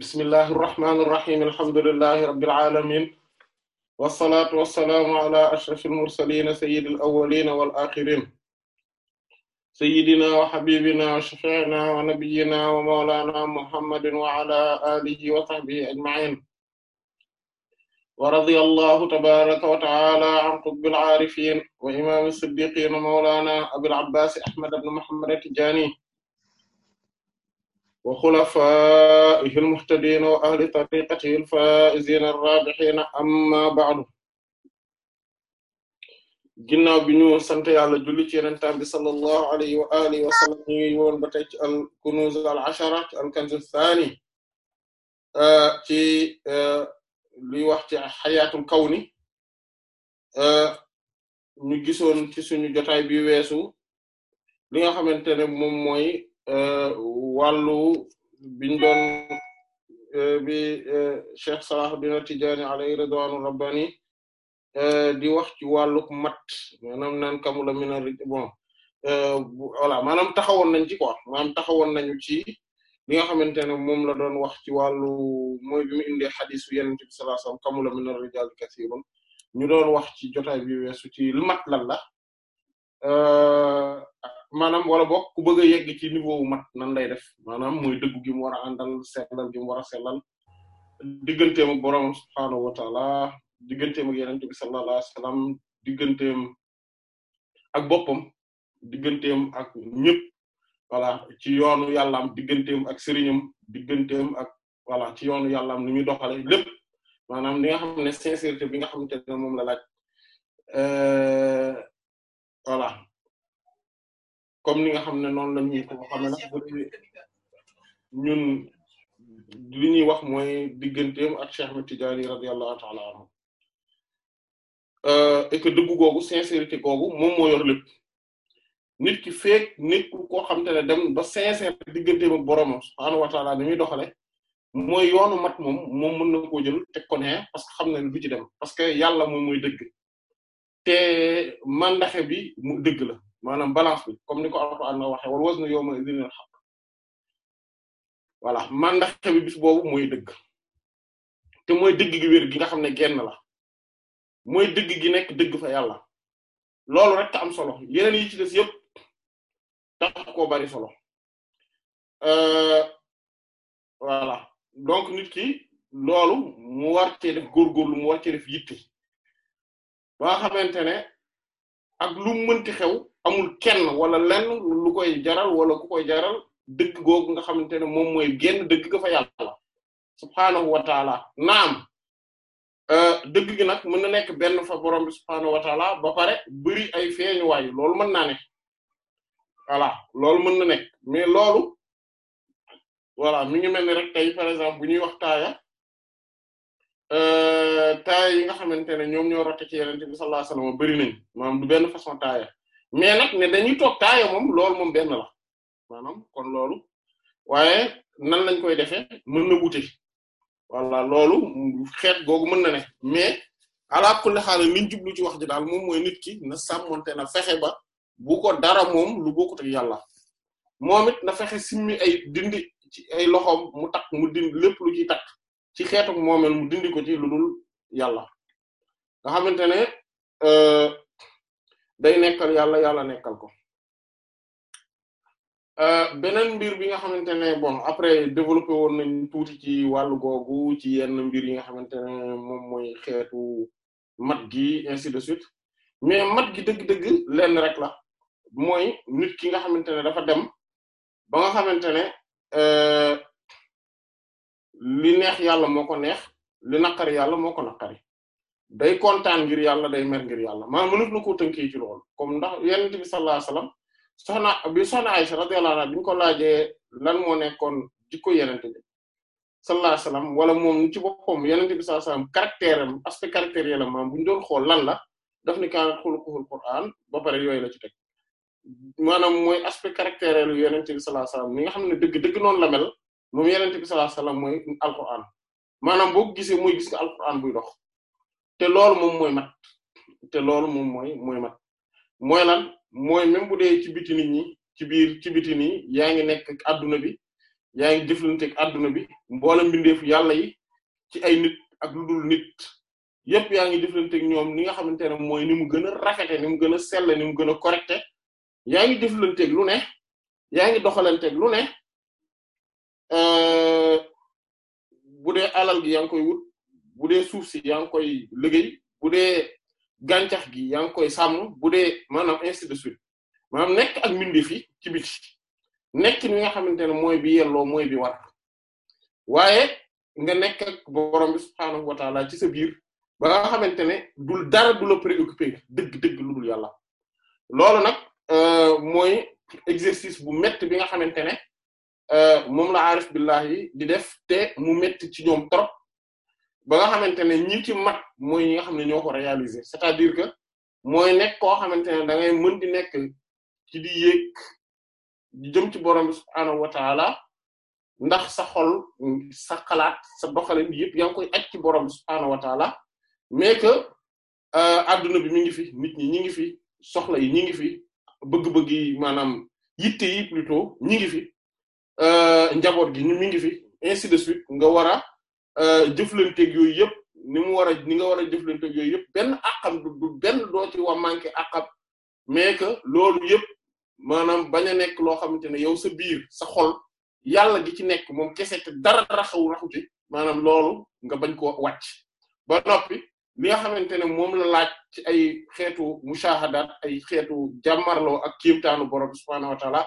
bismillahi irrahmani irrahim alhamdulilahi rabilalamin walsalaatu walsalaamu ala ashraf almursalina sayid alawalina walaxirin sayidina wa xabibina wa shafiina wa nabiyina wa mawlana muhammadin wa ala alihi wa sahbihi ajmain wa radia allahu tabaraka wa taala an qutbil aarifin wa imam siddiqin mawlana abil abbas ahmad ibn muhammad at-tijani wa xulafaa'ihi al-muhtadiina wa ahli tariiqatihi al-faa'iziina ar amma ba'du ginnaaw bi ñu sant yàlla julli ci yonent bi sallallahu alayhi wa alihi wa sallam ñu ngi woon ba tey ci al-kunuuz al-ashara al-kanz ath-thaani ci luy wax ci xayaatul kawni ñu gisoon ci suñu jotaay bi weesu li nga xamante ne moom mooy. Eh, wàllu biñ doon eh, bi eh, Cheikh Salahuddin At-Tidjânî alayhi ridwanu rabbani di wax ci wàlluk mat maanaam naan kamula mina bon voilà maanaam taxawoon nañ ci quoi maanaam taxawoon nañu ci li nga xamante ne moom la doon wax ci wàllu mooy bi mu indee xadiis u yenente bi sallallahu alayhi wasallam kamula mina rijaal kasiirun ñu doon wax ci jotaay bi weesu ci lu mat lan la maanaam wala bokk ku bëgg a yegg ci niveau wu mat nan lay def maanaam mooy dëggu gi mu war a àndal sellal gi mu war a sellal digganteem ak boroom subhaanahu wa taala digganteem ak yenente bi ak boppam diggantem ak ñëpp voilà ci yoonu yàllaam digganteem ak sëriñam digganteem ak voilà ci yoonu yàllaam ni muy doxale lépp maanaam li nga xam ne sincérité bi nga xamante ne moom la laaj euh, voilà comme ni nga xam ne noonu la ñuy ko xam ne nag ñun li ñuy wax mooy digganteem ak Cheikh Ahmed Tidiane radiyallahu ta'ala anhu euh, et que dëggu googu sincérité googu moom moo yor lépp nit ki feek nekkul koo xam te ne dem ba sincère digganteem ak boroomam subhaanahu wa ta'ala ni muy doxale mooy yoonu mat moom moom mën na koo jël teg ko ne parce que xam ne du ci dem parce que yàlla moom moy dëgg te mandaxe bi mu dëgg la maanaam balance bi comme ni ko Alxuraan waxe wal waznu yawma idhin al haqq voilà mandaxe bi bis boobu mooy dëgg te mooy dëgg gi wér gi nga xam ne genn la mooy dëgg gi nekk dëgg fa yàlla loolu rek am solo yeneen yi ci des yëpp tax ko bari solo euh, voilà donc nit ki loolu mu war cee def góorgóorlu mu war cee def yitte ba xamante ne ak lu mu mënti xew amul kenn wala lenn lu koy jaral wala ku koy jaral dëgg googu nga xamante ne moom mooy génn dëgg ga fa yàlla subhaanahu wa taala naam euh, dëgg gi nag mën na nekk benn fa borom bi subhaanahu ba pare bëri ay feeñuwaay loolu mën naa ne voilà loolu mën na nekk mais loolu voilà mi ngi mel ni rek tey par exemple bu ñuy wax taaya euh, taaya yi nga xamante ne ñoom ñoo rote ci yenente bi sallallahu alayhi wasallam bëri nañ maanaam du benn façon taaya mais nag ne dañuy toog taaya moom loolu moom benn la maanaam kon loolu waaye nan lañ koy defee mën na wute walla loolu xeet googu mën na ne mais ala kulli xaal liñ jublu ci wax ji daal moom mooy nit ki na sàmmonte na fexe ba bu ko dara moom lu bokkut ak yàlla moom it na fexe simmi ay dindi ci ay loxoom mu takk mu dindi lépp lu ciy takk ci xeetu moomeel mu dindi ko ci lu dul yàlla nga xamante ne. Euh, day nekkal yàlla yàlla nekkal ko euh, beneen mbir bi nga xamante ne bon après développé woon na tuuti ci wàllu googu ci yenn mbir yi nga xamante ne moom mooy xeetu mat gi ainsi de suite mais mat gi dëgg-dëgg lenn rek la mooy nit ki nga xamante ne dafa dem ba nga xamante ne euh, li neex yàlla moo ko neex li naqari yàlla moo ko naqari day kontaan ngir yàlla day mer ngir yàlla maanaam mënut nu koo tënkee ci loolu comme ndax yonent bi sallallahu alayhi wasallam soxna bi soxna Aysa radiyallahu anha bi ñu ko laajee lan moo nekkoon jikko yonent bi sallallahu alayhi wasallam wala moom ci boppam yonent bi sallallahu alayhi wasallam caractère am aspect caractériel am maanaam bu ñu doon xool lan la daf ni kaana xuluquhul Qur'aan ba pare yooyu la ci teg maanaam mooy aspect caractériel yu yonent bi sallallahu alayhi wasallam mi nga xam ne dëgg dëgg noonu la mel moom yonent bi sallallahu alayhi wasallam mooy Alqur'aan maanaam boo gisee mooy gis nga Alqur'aan buy dox. te loolu moom mooy mat te loolu moom mooy mooy mat mooy lan mooy même bu dee ci biti nit ci biir ci biti nii yaa ngi nekk ak adduna bi yaa ngi jëflanteeg adduna bi mboolem mbindeefu yàlla yi ci ay nit ak lu dul nit yépp yaa ngi jëflanteeg ñoom ni nga xamante ne mooy ni mu gën a rafete ni mu gën a selle ni mu gën a correcte yaa ngi jëflanteeg lu ne yaa ngi doxalanteeg lu ne euh, bu dee alal gi yaa ngi bu dee suuf si yaa ngi koy liggéey bu dee gàncax gi yaa ngi koy sàmm bu dee maanaam ainsi de suite maanaam nekk ak mbindeef yi ci biti nekk mi nga xamante ne mooy bi yelloo mooy bi war waaye nga nekk ak borom bi ci sa biir ba nga xamante ne dul dara du la préoccupé dëgg-dëgg lu dul yàlla loolu nag euh, mooy exercice bu métti bi nga xamante ne euh, moom la aarif billahi di def te mu métti ci ñoom trop ba nga xamante ne ñi ci mat mooy ñi nga xam ne ñoo ko réaliser c'est-à-dire que mooy nekk koo xamante ne da ngay mën di nekk ci di yéeg jëm ci borom bi subhaanahu ndax sa xol sa xalaat sa doxalin yëpp yaa ngi koy aj ci borom bi subhaanahu wa taala mais que euh, adduna bi mi ngi fi nit ñi ñi ngi fi soxla yi ñi ngi fi bëgg-bëgg yi maanaam yitte yi plutôt ñi ngi fi euh, njaboot gi ñu mi ngi fi ainsi de suite nga war a Euh, jëflanteeg yooyu yëpp ni mu war a ni nga war a jëflanteeg yooyu yëpp benn àqam du benn doo ci wa manqué àqam mais que loolu yëpp maanaam bañ a nekk loo xamante ne yow sa biir sa xol yàlla gi ci nekk moom kese te dara raxawu raxuti maanaam loolu nga bañ koo wàcc ba noppi li nga xamante ne moom la laaj ci ay xeetu mushahadat ay xeetu jàmmarloo ak kiimtaanu boro subhaanahu wa taala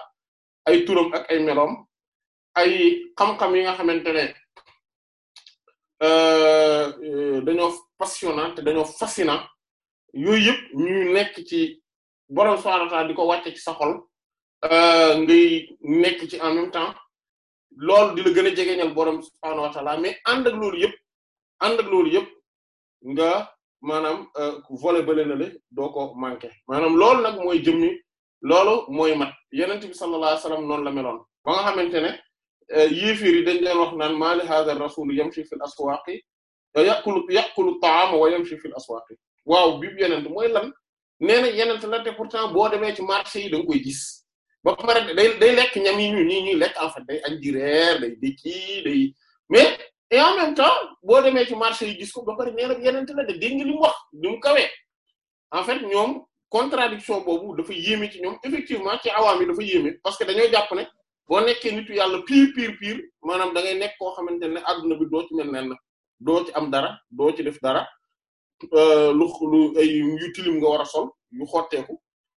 ay turam ak ay meloom ay xam-xam yi nga xamante ne Euh, euh, dañoo passionnant te dañoo fascinant yooyu yëpp ñu nekk ci borom subhaanahu wa ta'aala di ko wàcce ci sa xol euh, ngay nekk ci en même temps lool di la gën a jegeñal borom subhaanahu wa ta'aala mais ànd ak loolu yëpp ànd ak loolu yëpp nga maanaam volet bële na le doo ko manqué maanaam loolu nag mooy jëmmi loolu mooy mat yonent bi sallallaahu alayhi wa sallam noonu la meloon ba nga xamante ne. yéeféer yi dañ leen wax naan maa li haadha rasul yamshi fil aswaaqi yaqulu yaqulu ta'aama wa yamshi fil aswaaqi waaw bibu yenent mooy lan nee na te la te pourtant boo demee ci marché yi da koy gis ba pare day lekk ñam yi ñu ñi ñuy lekk en fait day añ di reer day dékki day mais et en même temps boo demee ci marché yi gis ko ba pare nee na yenent la de dégg nga li mu wax li en fait ñoom contradiction boobu dafa yéeme ci ñoom effectivement ci awaam yi dafa yéeme parce que dañoo jàpp ne boo nekkee nitu yàlla pire piir piir maanaam da nekk koo xamante ne adduna bi doo ci mel na doo ci am dara doo ci def dara euh, lu lu ay yu tilim nga war a sol yu xotteeku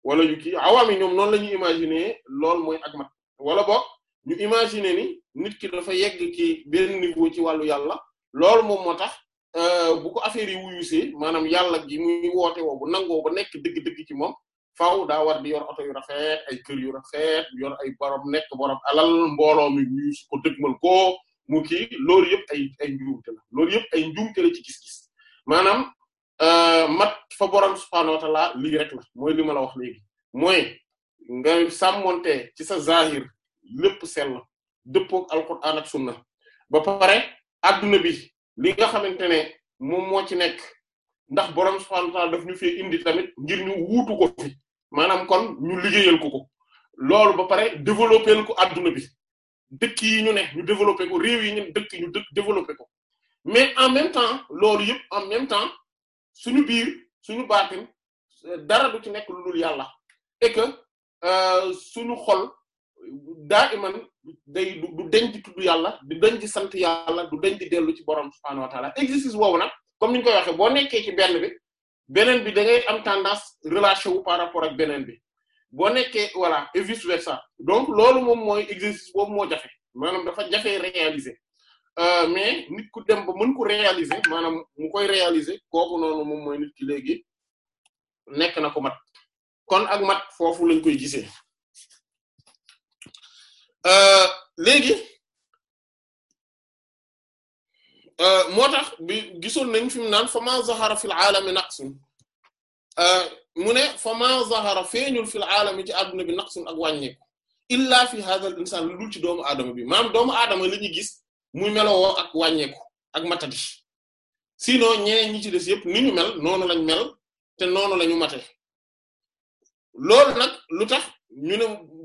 wala yu kii awaam yi ñoom noonu la ñuy imaginer lool mooy ak mat wala boog ñu imaginer ni nit ki dafa yegg ci benn niveau ci wàllu yàlla lool moom moo tax euh, bu ko affaire yi wuyusee maanaam yàlla gi muy woote woo bu nangoo ba nekk dëgg-dëgg ci moom faw daa war bi yor oto yu rafet ay kër yu rafet yor ay borom nekk borom alal mbooloo mi ñu ko dëgmal ko mu kii loolu yëpp ay ay njuumte la loolu yëpp ay njuumte la ci gis-gis maanaam euh, mat fa borom subhaanahu wa ta'ala lii rek la mooy li ma la wax léegi mooy nga sàmmonte ci sa zahir lépp sell dëppook alquran ak sunna ba pare adduna bi li nga xamante ne moom moo ci nekk ndax borom subhaanahu wa daf ñu fee indi tamit ngir ñu wuutu ko maanaam kon ñu liggéeyal ko ko loolu ba pare développer ko adduna bi dëkk yi ñu ne ñu développer ko réew yi ñu dëkk ñu dëkk développer ko mais en même temps loolu yëpp en même temps suñu biir suñu baatin dara du ci nekk lu dul yàlla et que euh, suñu xol daa iman day du deñ di tudd yàlla du deñ di sant yàlla du deñ di dellu ci borom subhaanahu wa ta'ala exercice woowu nag comme ni ñu koy waxee boo nekkee ci benn bi beneen bi da ngay am tendance relâché wu par rapport ak beneen bi boo nekkee voilà et vice versa donc loolu moom mooy exercice boobu moo jafe maanaam dafa jafe réaliser euh, mais nit ku dem ba mën ko réaliser maanaam mu koy réaliser kooku noonu moom mooy nit ki léegi nekk na ko mat kon ak mat foofu lañ koy gisee euh, léegi. Euh, moo tax bi gisoon nañ fi mu naan fama zahara fil aalami naqsun euh, mu ne fama zahara feeñul fil aalami ci adduna bi naqsun ak wàññeeku illa fi hadha al insan lu ci doomu adama bi maam doomu aadama la ñuy gis muy melowoo ak wàññeeku ak matadi sinon ñeneen ñi ci des yëpp ni ñu mel noonu lañ mel te noonu lañu mate loolu nag lu tax ñu ne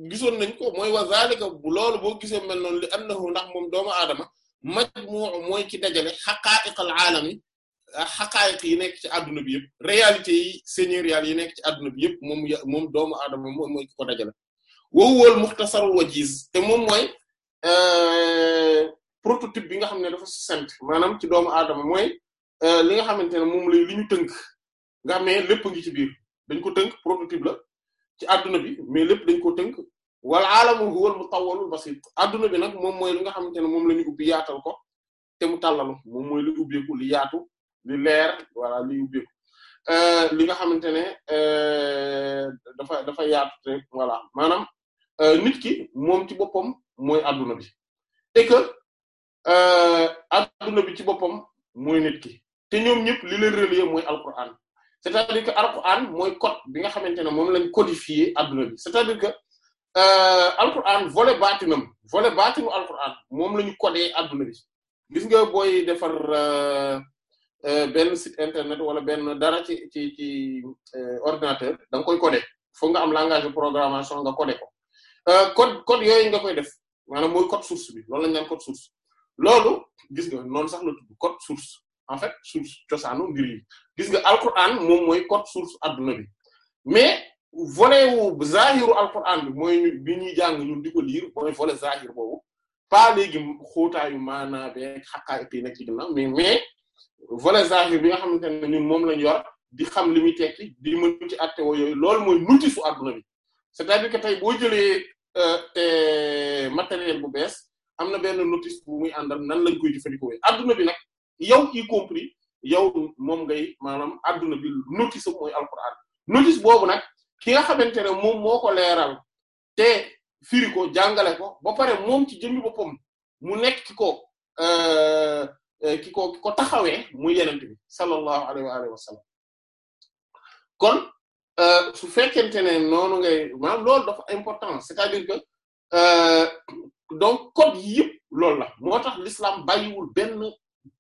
gisoon nañ ko mooy wa zalika bu loolu boo gisee mel noonu li annahu ndax moom doomu aadama majmuu mooy ki dajale xaqaayiqal aalami xaqaayiq yi nekk ci adduna bi yëpp réalité yi seigneurial yi nekk ci adduna bi yëpp moom moom doomu aadama moom mooy ki ko dajale wowwool muxtasarul wajiz te moom mooy euh, prototype bi nga xam ne dafa sent maanaam ci doomu aadama mooy euh, li nga xamante ne moom lay li ñu tënk nga xam ne lépp ngi ci biir dañ ko tënk prototype la ci adduna bi mais lépp dañ ko tënk wala wal aalamu huwal mutawwalul basit adduna bi nag moom mooy li nga xamante ne moom la ñu ubbi ko te mu tàllalu moom mooy li ubbeeku li yaatu li leer wala li ubbeeku euh, li nga xamante ne euh, dafa dafa yaatu te voilà maanaam euh, nit ki moom ci boppam mooy adduna bi et que adduna bi ci boppam mooy nit ki te ñoom ñëpp li leen relier mooy alquran c'est-à-dire que alquran mooy code bi nga xamante ne moom lañ codifier adduna bi c'est-à-dire que Euh, alquran volet baatinam volet al alquran moom la ñu codé adduna bi gis nga booy defar euh, euh, benn site internet wala benn dara ci ci ci ordinateur da nga koy codé foog nga am langage de programmation nga codé ko code code yooyu nga koy def maanaam mooy code source bi loolu lañu naan code source loolu gis nga noonu sax la tudd code source en fait source cosaanu mbir yi gis nga ann moom mooy code source adduna bi mais volet wu zahiru alquran bi mooy bi ñuy jàng ñun di liir mooy volet zahir boobu pas léegi xóotaayu maanaa beeg xaqaay bi nekk ci ginnaaw mais mais volet zahir bi nga xamante ne ñun moom lañ yor di xam li muy tekki di mën ci àtte woo yooyu loolu mooy multi su adduna bi c'est-à-dire tey boo jëlee euh, te matériel bu bees am na benn notice bu muy àndal nan lañ koy jëfandikoo adduna bi nag yow y compris yow moom ngay maanaam adduna bi notice am mooy alquran notice boobu nag ki nga xamante ne moom moo ko leeral te firiko ko jàngale ko ba pare moom ci jëmmi boppam mu nekk ki ko euh, euh, ki ko ko taxawee muy yenent bi sallallahu alayhi wa kon euh, su fekkente ne noonu ngay maanaam loolu dafa important c'est-à-dire que donc code yi yëpp loolu la moo tax l'islam bàyyiwul benn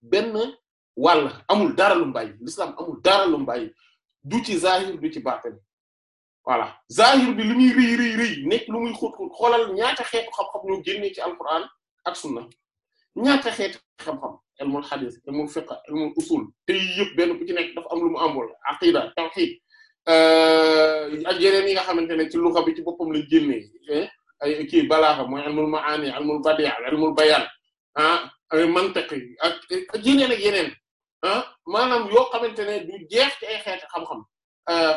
benn walla amul dara lu mu bàyyi amul dara lu mu bàyyi du ci zahir du ci baatin voilà zahir bi lu muy rëy rëy nekk lu muy xóot xóot xoolal ñaata xeetu xam-xam ñoo génnee ci alquran ak sunna ñaata xeet xam-xam ilmul hadith ilmul fiqh ilmul usul te yëpp benn ku ci nekk dafa am lu mu ambool aqida tawhid euh, ak yeneen yi nga xamante ne ci luxa bi ci boppam lañ génnee eh, ay kii balaaxa mooy ilmul maani ilmul badi'a ilmul bayan ah ay mantiq ak yeneen ak ah maanaam yoo xamante ne du jeex ci ay xeetu xam-xam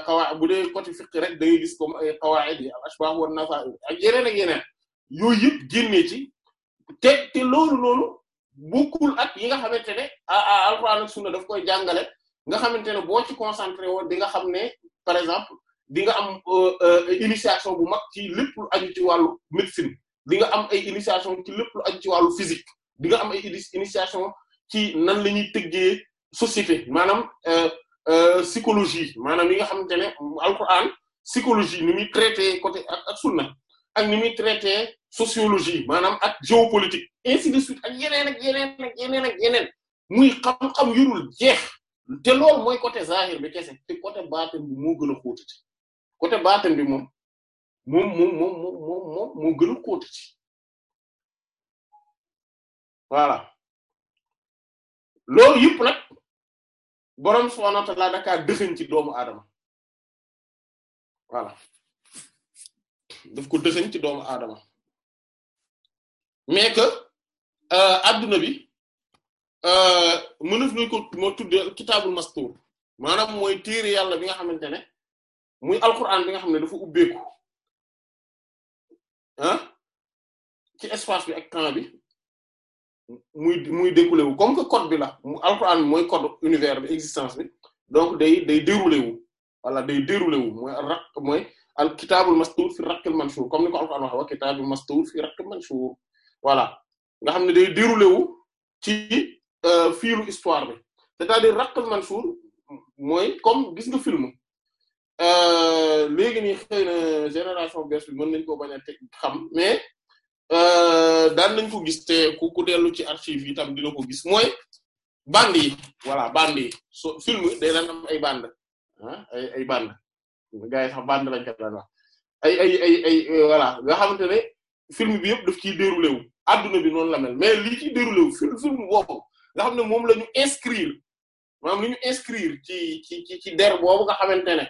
xawaa euh, bu dee côté fiqh rek da ngay gis comme ay xawaid yi al ashbah wan nafa ak yeneen ak yeneen yooyu yëpp génnee ci te te loolu loolu bokkul ak yi nga xamante ne alxuraan ak sunna daf koy jàngale nga xamante ne boo ci concentré woon di nga xam ne par exemple di nga am euh, euh, initiation bu mag ci lépp lu aju ci wàllu médecine di nga am ay initiation ci lépp lu ci wàllu physique di nga am ay initiation ci nan la ñuy tëggee société maanaam Euh, psychologie maanaam yi nga xamante ne alquran psychologie ni muy traité côté ak ak sunna ak ni muy traité sociologie maanaam ak géopolitique ainsi de suite ak yeneen ak yeneen ak yeneen ak yeneen muy xam-xam yurul jeex te loolu mooy côté zahir bi kese te côté baatin bi moo gën a xóotati côté baatin bi moom moom moom moom moom moom boroom subhaanahu wa ta'aala dëxëñ ci doomu aadama voilà daf ko dëxëñ ci doomu aadama mais que euh, adduna bi euh, mënaf nañ ko moo tuddee kitaabul mastuur maanaam mooy téere yàlla bi nga xamante ne muy alquran bi nga xam ne dafa ubbeeku ah ci espace bi ak temps bi muy muy découlé wu comme que code bi la mu moy bi mooy code univers bi existence bi donc day day déroulé wu voilà day déroulé wu mooy raq mooy a kitaabul mastuur fi raqil manshur comme ni ko alquran waxe wa kitaabul mastuur fi raqil manshur voilà nga xam ne day dirule wu ci euh, fiilu histoire bi c'est-à-dire raqil manshur mooy comme gis nga film euh, léegi nii xëy na génération bees bi mën nañu a xam mais Euh, daan nañ ko gis te ku ku dellu ci archive yi tam dina ko gis mooy bande yi voilà bande yi so film day daan am ay bande ah ay ay bande gars yi sax bande lañ ko daan wax ay ay ay ay euh, nga xamante ne film bi yëpp daf ciy déroulé wu adduna bi noonu la mel mais lii ciy déroulé wu film film boobu nga xam ne moom la ñu inscrire maanaam li inscrire ci ci ci ci der boobu nga xamante ne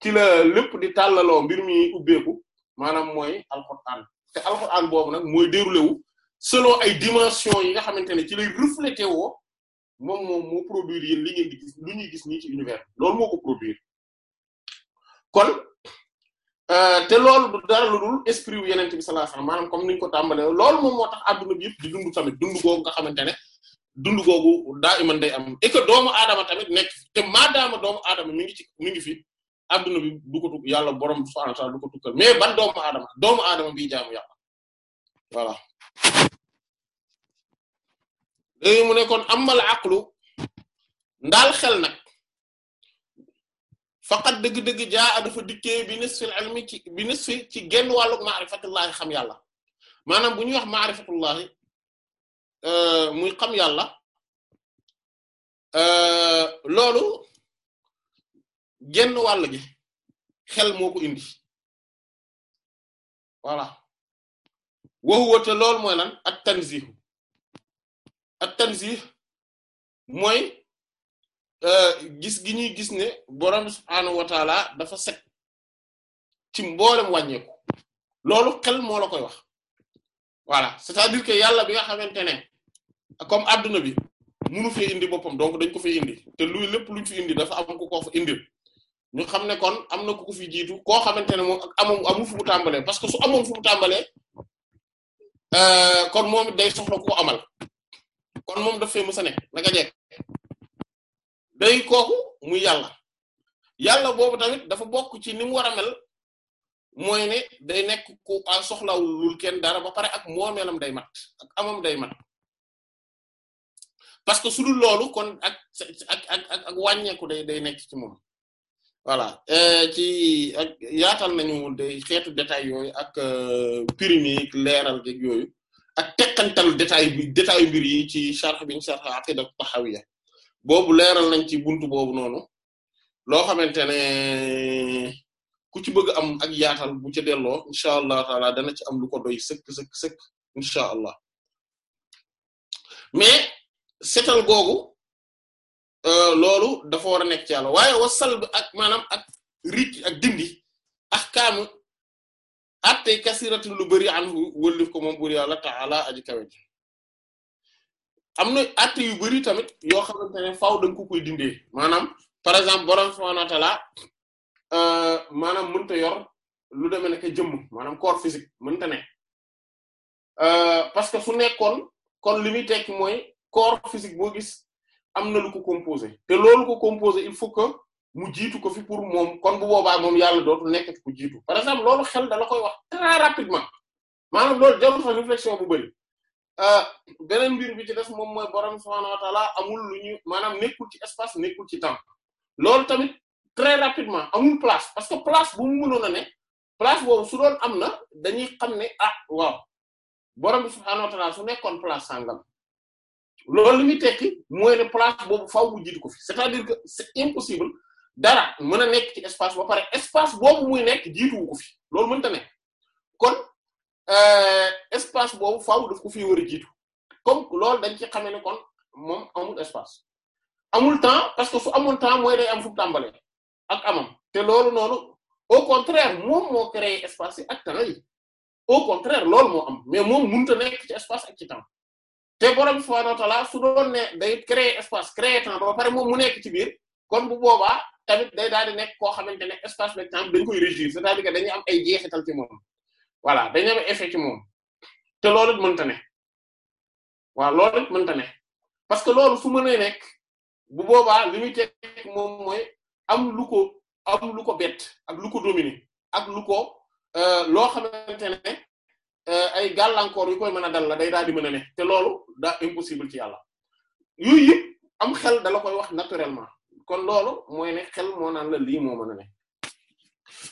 ci la lépp di tàllaloo mbir mi ubbeeku maanaam mooy alxuraan te alxuraan boobu nag mooy déroulé wu selon ay dimension yi nga xamante ne ci lay reflété woo moom moom moo produire yéen li gis lu ñuy gis nii ci univers loolu moo ko produire kon euh, te loolu du dara lu dul esprit wu yeneen bi sallallahu alayhi wasallam comme niñ ko tàmbalee loolu moom moo tax adduna bi yëpp di dund tamit dund googu nga xamante ne dund googu daa iman day am et que doomu aadama tamit nekk te maadaama doomu aadama mi ngi ci mi ngi fi adduna bi du ko yàlla borom subhanahu wa ta'ala ko tukkal mais ban doomu aadama doomu aadama bi jaamu yàlla voilà léegi mu ne kon amal aqlu ndaal xel nag faqat dëgg-dëgg jaa dafa dikkee bi nisfil ilmi ci bi nisfi ci genn wàllug maarifatullaahi xam yàlla maanaam bu ñuy wax maarifatullaahi euh, muy xam yàlla euh, loolu genn wàll gi xel moo ko indi voilà waxuwa te loolu mooy naan ak tanzihu ak tanzih mooy euh, gis gi ñuy gis ne borom subhaanahu dafa set ci mboolem wàññeeku loolu xel moo la koy wax voilà c'est-à-dire que yàlla bi nga xamante ne comme adduna bi munu fee indi boppam donc dañ ko fee indi te luy lépp luñ fi indi dafa am ko koo fa indil ñu xam ne kon am na ku ko fi jiitu koo xamante ne moom amum amul fu mu tàmbalee parce que su amoon fu mu euh, kon moom day soxla ku ko amal kon moom daf fee mës a nekk naka jekk day kooku muy yàlla yàlla boobu tamit dafa bokk ci ni mu war a mel mooy ne day nekk ku soxlawul kenn dara ba pare ak moomeelam day mat ak amam day mat parce que su dul loolu kon ak ak ak ak wàññeeku day day nekk ci moom. voilà euh, ci yaatal nañu de xeetu détail yooyu ak euh, pyrénique leeral geeg yooyu ak tekkantal détail bi détail mbir yi ci sharh biñ sharh aqida tahawiyya boobu leeral nañ ci buntu boobu noonu loo xamante ne ku ci bëgg am ak yaatal bu ca delloo incha allah taala dana ci am lu ko doy sëkk sëkk sëkk incha allah mais setal googu Euh, loolu dafa war a nekk ci yàlla waaye wasal bi ak maanaam ak rik ak dindi ahkaamu attey kasiratu lu bari anhu wëllif ko moom buur yàlla ta'ala aji am na atte yu bari tamit yoo xam ne faaw da nga ko koy dindee maanaam par exemple borom subhaanahu wa ta'ala euh, maanaam mënta yor lu demee nekk jëmm maanaam corps physique mënta ne euh, parce que su nekkoon kon li muy tekk mooy corps physique boo gis am na lu ko composé te loolu ko composé il faut que mu jiitu ko fi pour moom kon bu boobaa moom yàlla dootul nekkati ku jiitu par exemple loolu xel dala koy wax très rapidement maanaam loolu jarul fa réflexion bu a euh, beneen mbir bi ci def moom mooy borom subhaanahu wa ta'ala amul lu ñu maanaam nekkul ci espace nekkul ci temps loolu tamit très rapidement amul place parce que place bu mu mënoon a ne place boobu su doon am na dañuy xam ne ah waaw borom su nekkoon place sangam. loolu li muy tekki mooy ne place boobu faaw mu jiitu ko fi c'est-à-dire que c'est impossible dara mën a nekk ci espace ba pare espace boobu muy nekk jiituwu ko fi loolu mënta nekk kon euh, espace boobu faaw daf ko fi war a jiitu comme loolu dañ ci xamee ne kon moom amul espace amul temps parce que su amul temps mooy day am fu tàmbale ak amam te loolu noonu au contraire moom moo créé espace yi ak temps yi au contraire loolu moo am mais moom mënut a nekk ci espace ak ci temps te borom subhaanahu wa ta'aala su doon ne day créer espace créer temps ba pare moom mu nekk ci biir kon bu boobaa tamit day daal di nekk koo xamante ne espace beeg temps dañ koy régir c'est-à-dire que dañuy am ay jeexital ci moom voilà dañuy am effet ci te loolu it mënta ne waaw loolu it mënta ne parce que loolu su mënee nekk bu boobaa li muy teg moom am lu ko am lu ko bett ak lu ko ak lu ko euh, loo xamante ne Euh, ay gàllankoor yu koy mën a dal la day daal di mën a ne te loolu da impossible ci yàlla yooyu yëpp am xel dala koy wax naturellement kon loolu mooy ne xel moo naan la lii moo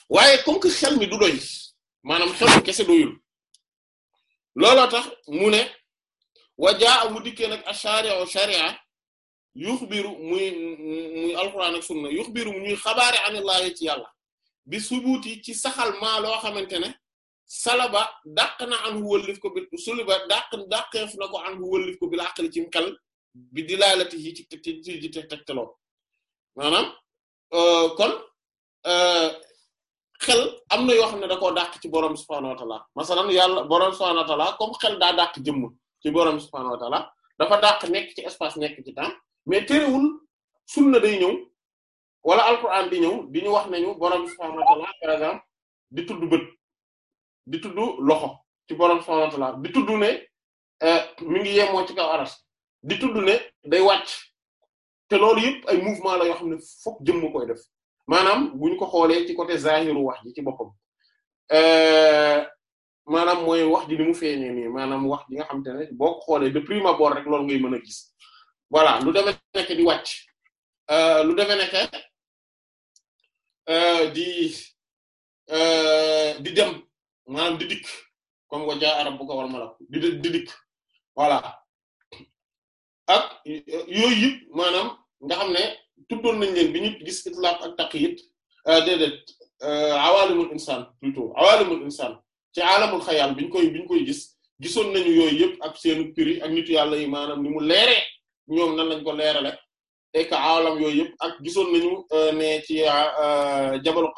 waaye comme que xel mi du doy maanaam xel kese doyul loolo tax mu ne wajaa mu dikkee nag ashari'u shari'a yuxbiru muy muy alquran ak sunna yuxbiru mu ñuy xabaare anillahi ci yàlla bi subuuti ci saxal maa loo xamante ne salaba dàq na anhu wëllif ko bil suliba dàq dàqeef na ko anhu wëllif ko bil aqli cim xel bi dilalati yi ci ci ci tegtaloo maanaam euh, kon euh, xel am na yoo xam ne da koo dàq ci borom subhaanahu wa ta'ala masalan yàlla borom subhaanahu wa ta'ala comme xel daa dàq jëmm ci borom subhaanahu wa dafa dàq nekk ci espace nekk ci temps mais terewul na da ñëw wala alquran di ñëw di ñu wax nañu borom subhaanahu wa par exemple di tudd bët. di tudd loxo ci borom subhaanahu wa di tudd ne eh, mi ngi yemoo ci kaw aras di tudd ne day wàcc te loolu yëpp ay mouvement la yoo xam ne fokk jëmm koy def maanaam bu ko xoolee ci côté zahiru wax ji ci boppam eh, maanaam mooy wax ji ni mu feeñee nii maanaam wax ji nga xam te ne boo xoole xoolee de prime abord rek loolu ngay mën a gis voilà lu demee nekk di wàcc eh, lu demee nekk di di dem. maanaam di dikk comme wa jaa rabbuka wal malak di voilà ak yooyu yëpp maanaam nga xam ne tuddoon nañ leen bi ñu gis itlaq ak taqyid euh, déedéet euh, awaalimul insaan plutôt awaalimul insaan ci aalamul xayal biñ koy biñ koy gis gisoon nañu yooyu yëpp ak seenu prix ak nitu yàlla yi maanaam ni mu leeree ñoom na lañ ko leerale et que aalam yooyu ak gisoon nañu euh, ne ci jabalu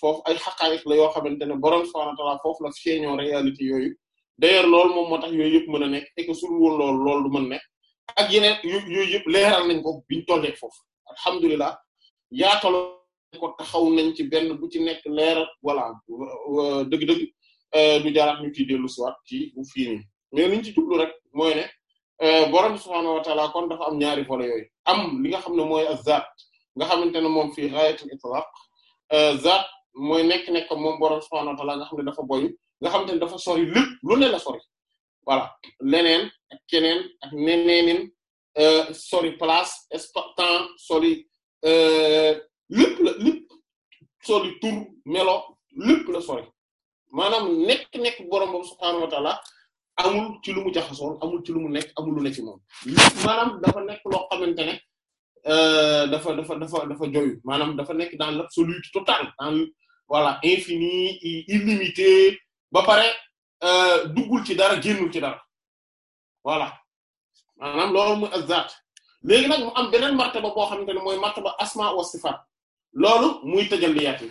foofu ay xaqaayiq la yoo xamante ne borom subhanahu wa ta'ala foofu la feeñoo réalité yooyu d'ailleurs loolu moom moo tax yooyu yëpp mën a nekk et que su dul woon loolu loolu du mën yooyu yëpp leeral nañ ko biñ tollee foofu alhamdulilah yaataloo ko taxaw nañ ci benn bu ci nekk leeral voilà euh, dëgg-dëgg euh, du jaraat ñu ciy dellu siwaat ci bu fii nii mais liñ ci jublu rek mooy ne euh, borom subhanahu wa ta'ala kon dafa am ñaari volets yooyu am li nga xam ne mooy azat nga xamante ne moom fii ghayatul itlaq zat mooy nekk nekk moom borom subhaanahu wa ta'aala nga xam ne dafa boyu nga xam te ne dafa sori lépp lu ne la sori voilà leneen ak keneen ak neneenin euh, sori place temps sori euh, lépp la lépp sori tur melo lépp la sori maanaam nekk nekk borom boobu subhaanahu wa amul ci lu mu jaxasoon amul ci lu mu nekk amul lu ne ci moom maanaam dafa nekk loo xamante ne. Euh, dafa dafa dafa dafa joyu maanaam dafa nekk daan l'absolu total dans voilà infini illimité ba pare euh, duggul ci dara génnul ci dara wala maanaam loolu mooy azat léegi nag mu am beneen martaba boo xamante ne mooy martaba asma wa sifat loolu muy tajalliyaat yi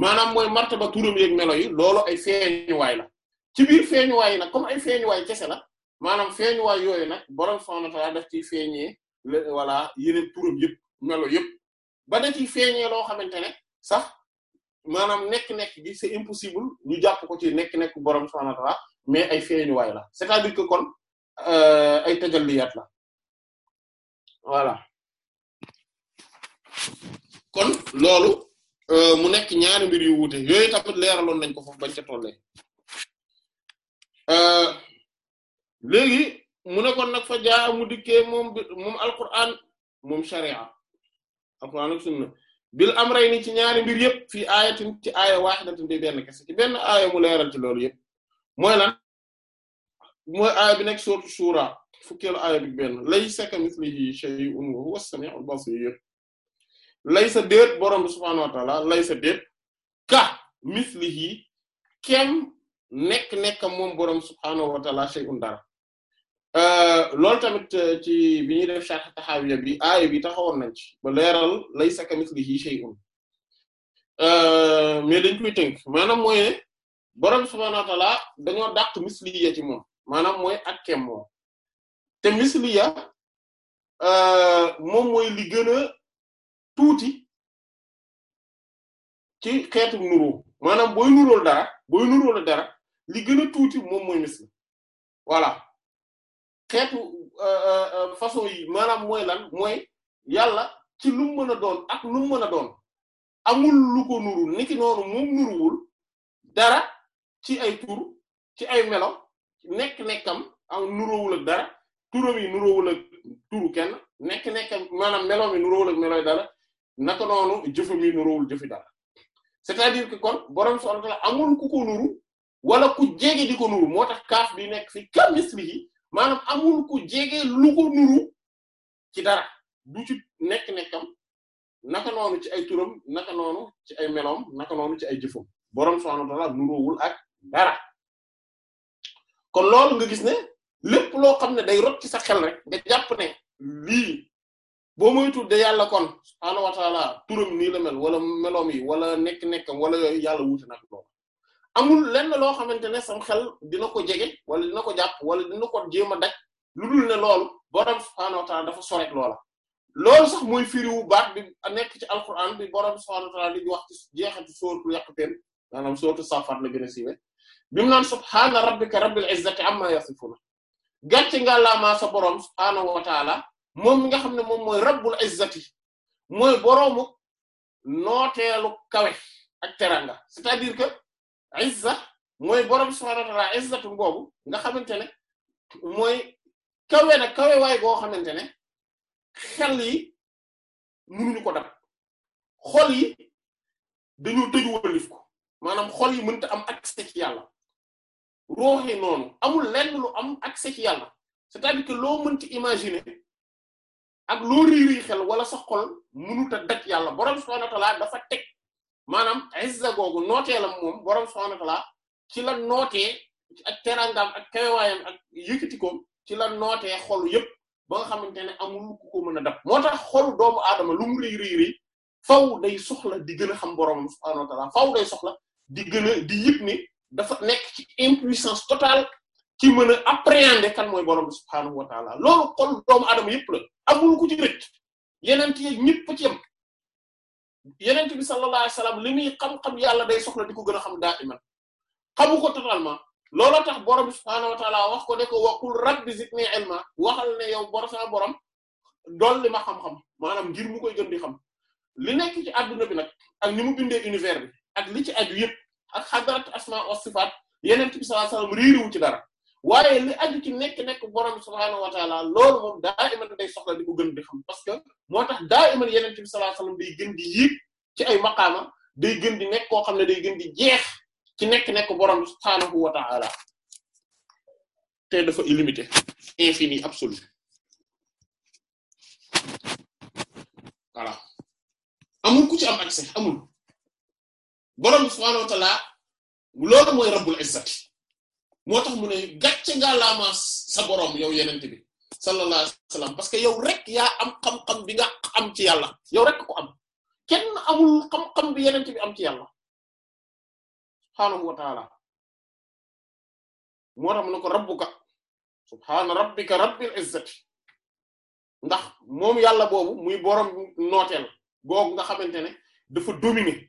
maanaam marte ba turam yeeg melo yi loolu ay feeñuwaay la ci biir feeñuwaay yi nag comme ay feeñuwaay kese la maanaam feeñuwaay yooyu nag borom subhanahu wa ta'ala daf ciy feeñee voilà yeneen pour yëpp melo yëpp ba da ciy feeñee loo xamante ne sax maanaam nekk-nekk gi c'est impossible ñu jàpp ko ci nekk-nekk borom subhaanahu wa ta'aala mais ay feeñuwaay la c'est-à-dire que kon euh, ay tajalliyaat la voilà kon loolu euh, mu nekk ñaari mbir yu wuute yooyu tamit leeraloon nañ ko foofu bañ ca tollee euh, léegi. mu ne kon nag fa jaa mu dikkee moom moom alquran moom sharia alquran ak sunna bil amrayni ci ñaari mbir yëpp fii aayatin ci aaya waahidatin bi benn kese ci benn aaya mu leeral ci loolu yëpp mooy lan mooy aaya bi nekk sourate Shura fukkeelu aaya bi benn laysa kamithlihi shay'un wa huwa as-sami'ul basir laysa déet borom bi subhaanahu wa ta'ala laysa déet ka mithlihi kem nekk nekkam moom borom subhaanahu wa ta'ala shay'un dara Euh, loolu tamit euh, ci bi ñuy def sharh Tahawiyya bi aaya bi taxawoon nañ ci ba leeral laysa kamithlihi shay'un euh, mais dañ koy tënk maanaam mooy ne borom subhaanahu wa ta'aala dañoo dàq misliya ci moom maanaam mooy ak kem moom te misliya moom mooy li gën a tuuti ci xeetu nuru maanaam booy nuróol dara booy nuróol dara li tuuti moom mooy misli voilà. xeetu euh, euh, euh, façon yi maanaam mooy lan mooy yàlla ci lu mu doon ak lu mu a doon amul lu ko nuru niki noonu moom nuruwul dara ci ay tur ci ay melo nekk-nekkam am ah, nuróowul ak dara turam yi nuróowul ak turu kenn nekk-nekkam maanaam melo mi nuróowul ak meloy dara naka noonu jëfam yi nuróowul jëfi dara c'est-à-dire que kon borom subhanahu wa ta'ala amul ku ko nuru wala ku jege di ko nuru moo tax kaaf bi nekk fi kamislihi maanaam amul ku jege lu nuru ci dara du ci nekk-nekkam naka noonu ci ay turam naka noonu ci ay melom naka noonu ci ay jëfam boroom subhaanahu wa ta'aala nuroowul ak dara kon lool nga gis ne lépp loo xam ne day rot ci sa xel rek nga jàpp ne lii boo moytu de yàlla kon subhaanahu wa ta'aala turam nii la mel wala meloom yi wala nekk-nekkam wala yooyu yàlla wuute nag loolu amul lenn loo xamante ne sam xel dina ko jege wala dina ko jàpp wala dina ko jéem a daj lu dul ne loolu borom subhaanahu wa ta'aala dafa sorek loola. loolu sax mooy firiwu baat bi nekk ci alquran bi borom subhaanahu wa di wax ci jeexatu sóoratul Yaqûtâne maanaam sóoratu Saffaat la gën a siiwee bi mu naan subhaana rabbika rabbil izzati amma yasifuun gàcce nga laamaa sa borom subhaanahu wa ta'aala moom mi nga xam ne moom mooy rabbul izzati mooy boroomu nooteelu kawe ak teranga c'est-à-dire que. izza mooy borom subhaanahu wa ta'aala izzatu boobu nga xamante ne mooy kawe na kawe waay goo xamante ne xel yi mënuñu ko dab xool yi dañoo tëju wëlif ko maanaam xool yi mënta am ak ci yàlla ruux noonu amul lenn lu am ak ci yàlla c'est-à-dire que loo mënti imaginer ak loo riiri xel wala sa xol mënut a daj yàlla boroom subhaanahu wa ta'aala dafa teg. maanaam izza googu nooteelam moom borom subhaanahu wa ci la nootee ak teraangaam ak kawewaayam ak yëkkatikoom ci la nootee xolu yépp ba nga xamante ne amul ku ko mën a dab moo tax xolu doomu aadama lu mu rëy rëy rëy faw day soxla di gën a xam borom subhaanahu wa ta'aala faw day soxla di gën di yëg ni dafa nekk ci impuissance totale ci mën a appréhender kan mooy borom subhaanahu wa ta'aala loolu xolu doomu aadama yépp la amul ku ci rëcc yeneen ci ñépp ci yem yeneen yenent bi sallallahu alayhi wasallam li muy xam-xam yàlla day soxla di ko gën a xam daa iman xamu ko totalement looloo tax borom subhaanahu wa taala wax ko ne ko waqul rabbi zidni ilma waxal ne yow bor sa dool li ma xam-xam maanaam ngir mu koy gën di xam li nekk ci adduna bi nag ak ni mu bindee univers bi ak li ci aju yëpp ak xadarat asma wa sifaat yenent bi sallallahu alayhi wasallam riiriwu ci dara waaye li aju ci nekk-nekk borom subhaanahu wa taala loolu moom daa iman day soxla di ko gën xam parce que moo tax daa iman yeneen bi sallallahu alayhi day gën di ci ay maqaama day gën di nekk koo xam ne day gën jeex ci nekk-nekk borom subhaanahu wa taala te dafa illimité infini absolu voilà amul ku ci am accès amul borom subhaanahu wa taala loolu mooy rabbul izzati moo tax mu ne gàcce ngaa sa boroom yow yenente bi sallallahu parce que yow rek yaa am xam-xam bi nga am ci yàlla yow rek ko am kenn amul xam-xam bi yenente am ci yàlla subhaanahu wa taala moo tax mu ko rabbuka subhaana rabbika rabbil izzati ndax moom yàlla boobu muy boroom nooteel googu nga xamante ne dafa dominer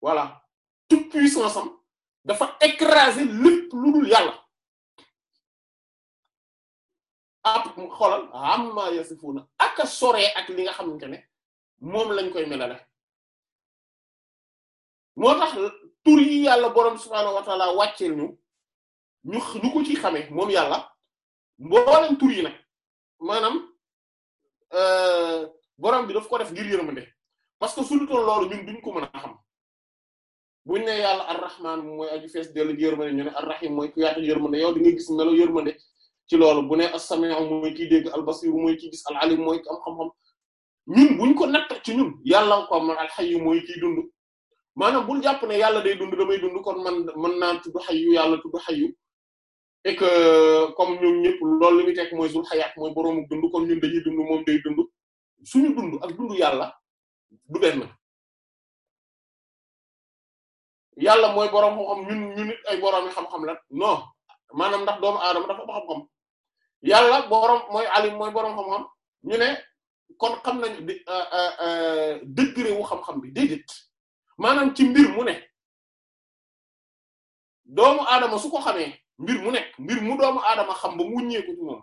voilà toute puissance dafa écraser lépp lu dul yàlla ap ak a ak li nga xamante ne moom lañ koy melale moo tax tur yi yàlla boroom subhaanahu wa taala wàcceel ñu ñu ñu ko ci xamee moom yàlla mboolem tur yi nag maanaam euh, boroom bi daf ko def ngir yërmande parce que su ñu toll loolu ñun duñ ko mën a xam buñ ne yàlla arrahman mooy aju fees dellu yërmande ñu ne arrahim mooy ku yaatu yërmande yow di nga gis melo yërmande ci loolu bu ne as mooy kiy dégg al mooy kiy gis al mooy ki am xam-xam ñun buñ ko natt ci ñun yàlla ko man al-hayy mooy kiy dund maana bul jàpp ne yàlla day dund damay dund kon man mën naa tudd hayyu yàlla tudd hayyu et que comme ñoom ñëpp loolu li muy teg mooy zul hayat mooy boroomu dund comme ñun dañuy dund moom day dund suñu dund ak dund yàlla du benn yàlla mooy boroom xam-xam ñun ñu ay boroom xam-xam la non maanaam ndax doomu aadama dafa am xam-xam yàlla boroom mooy alim mooy boroom xam-xam ñu ne kon xam na euh, euh, euh, degré wu xam-xam bi déedéet maanaam ci mbir mu ne doomu aadama suko xamee mbir mu nekk mbir mu doomu aadama xam ba mu wuññeeku ci moom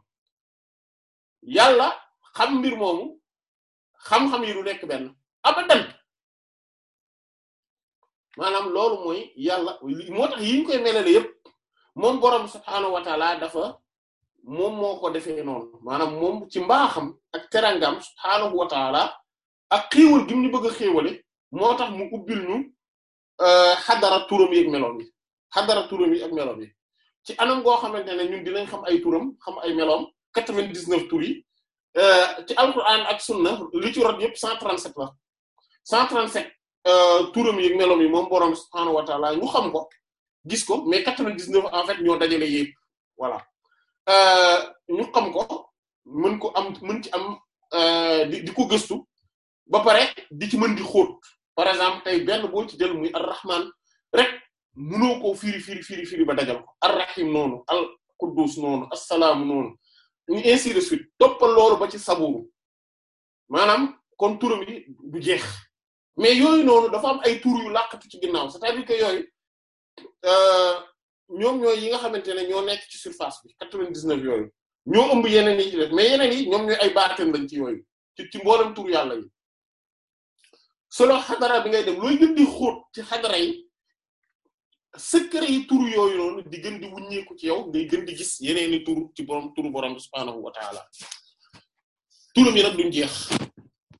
yàlla xam mbir moomu xam-xam yi du nekk benn abadan maanaam loolu mooy yàlla moo tax yi ñu koy melale yépp moom borom subhaanahu wa taala dafa moom moo ko defee noonu maanaam moom ci mbaaxam ak terangam subhaanahu wa taala ak xéewal gi ñu bëgg a xéewale moo tax mu ubbil ñu euh, xadara turam yi ak meloom yi xadara turam yi ak meloom yi ci anam goo xamante ne ñun dinañ xam ay turam xam ay meloom quatre-vingt-dix-neuf euh, ci alquran ak sunna li ci rot yépp cent trente-sept la cent trente-sept Euh, turam yi ak meloom yi moom borom subhaanahu wa ta'ala xam ko gis ko mais quatre-vingt-dix-neuf en fait ñoo dajale yépp voilà euh, ñu xam ko mën ko am mën ci am euh, di di ko gëstu ba pare di ci mën di xóot par exemple tey benn boo ci jël muy ar-rahman rek mënoo koo firi firi firi firi ba dajal ko rahim noonu al-quddus noonu assalaamu noonu ñu ainsi de suite toppal loolu ba ci saburu maanaam kon turam yi du jeex. mais yooyu noonu dafa am ay tur yu làqatu ci ginnaaw c'est-à-dire que yooyu euh, ñoom ñooy yi nga xamante ne ñoo nekk ci surface bi quatre-vingt-dix-neuf yooyu ñoo ëmb yeneen mais yeneen yi ñoom ñooy ay baatin lañ ci yooyu ci ci mboolem tur yàlla yi solo xadara bi ngay dem looy gën di xóot ci xadara yi secret yi tur yooyu noonu di gën di wuññeeku ci yow ngay gën di gis yeneeni tur ci borom turu borom bi subhaanahu wa taala turam yi nag duñ jeex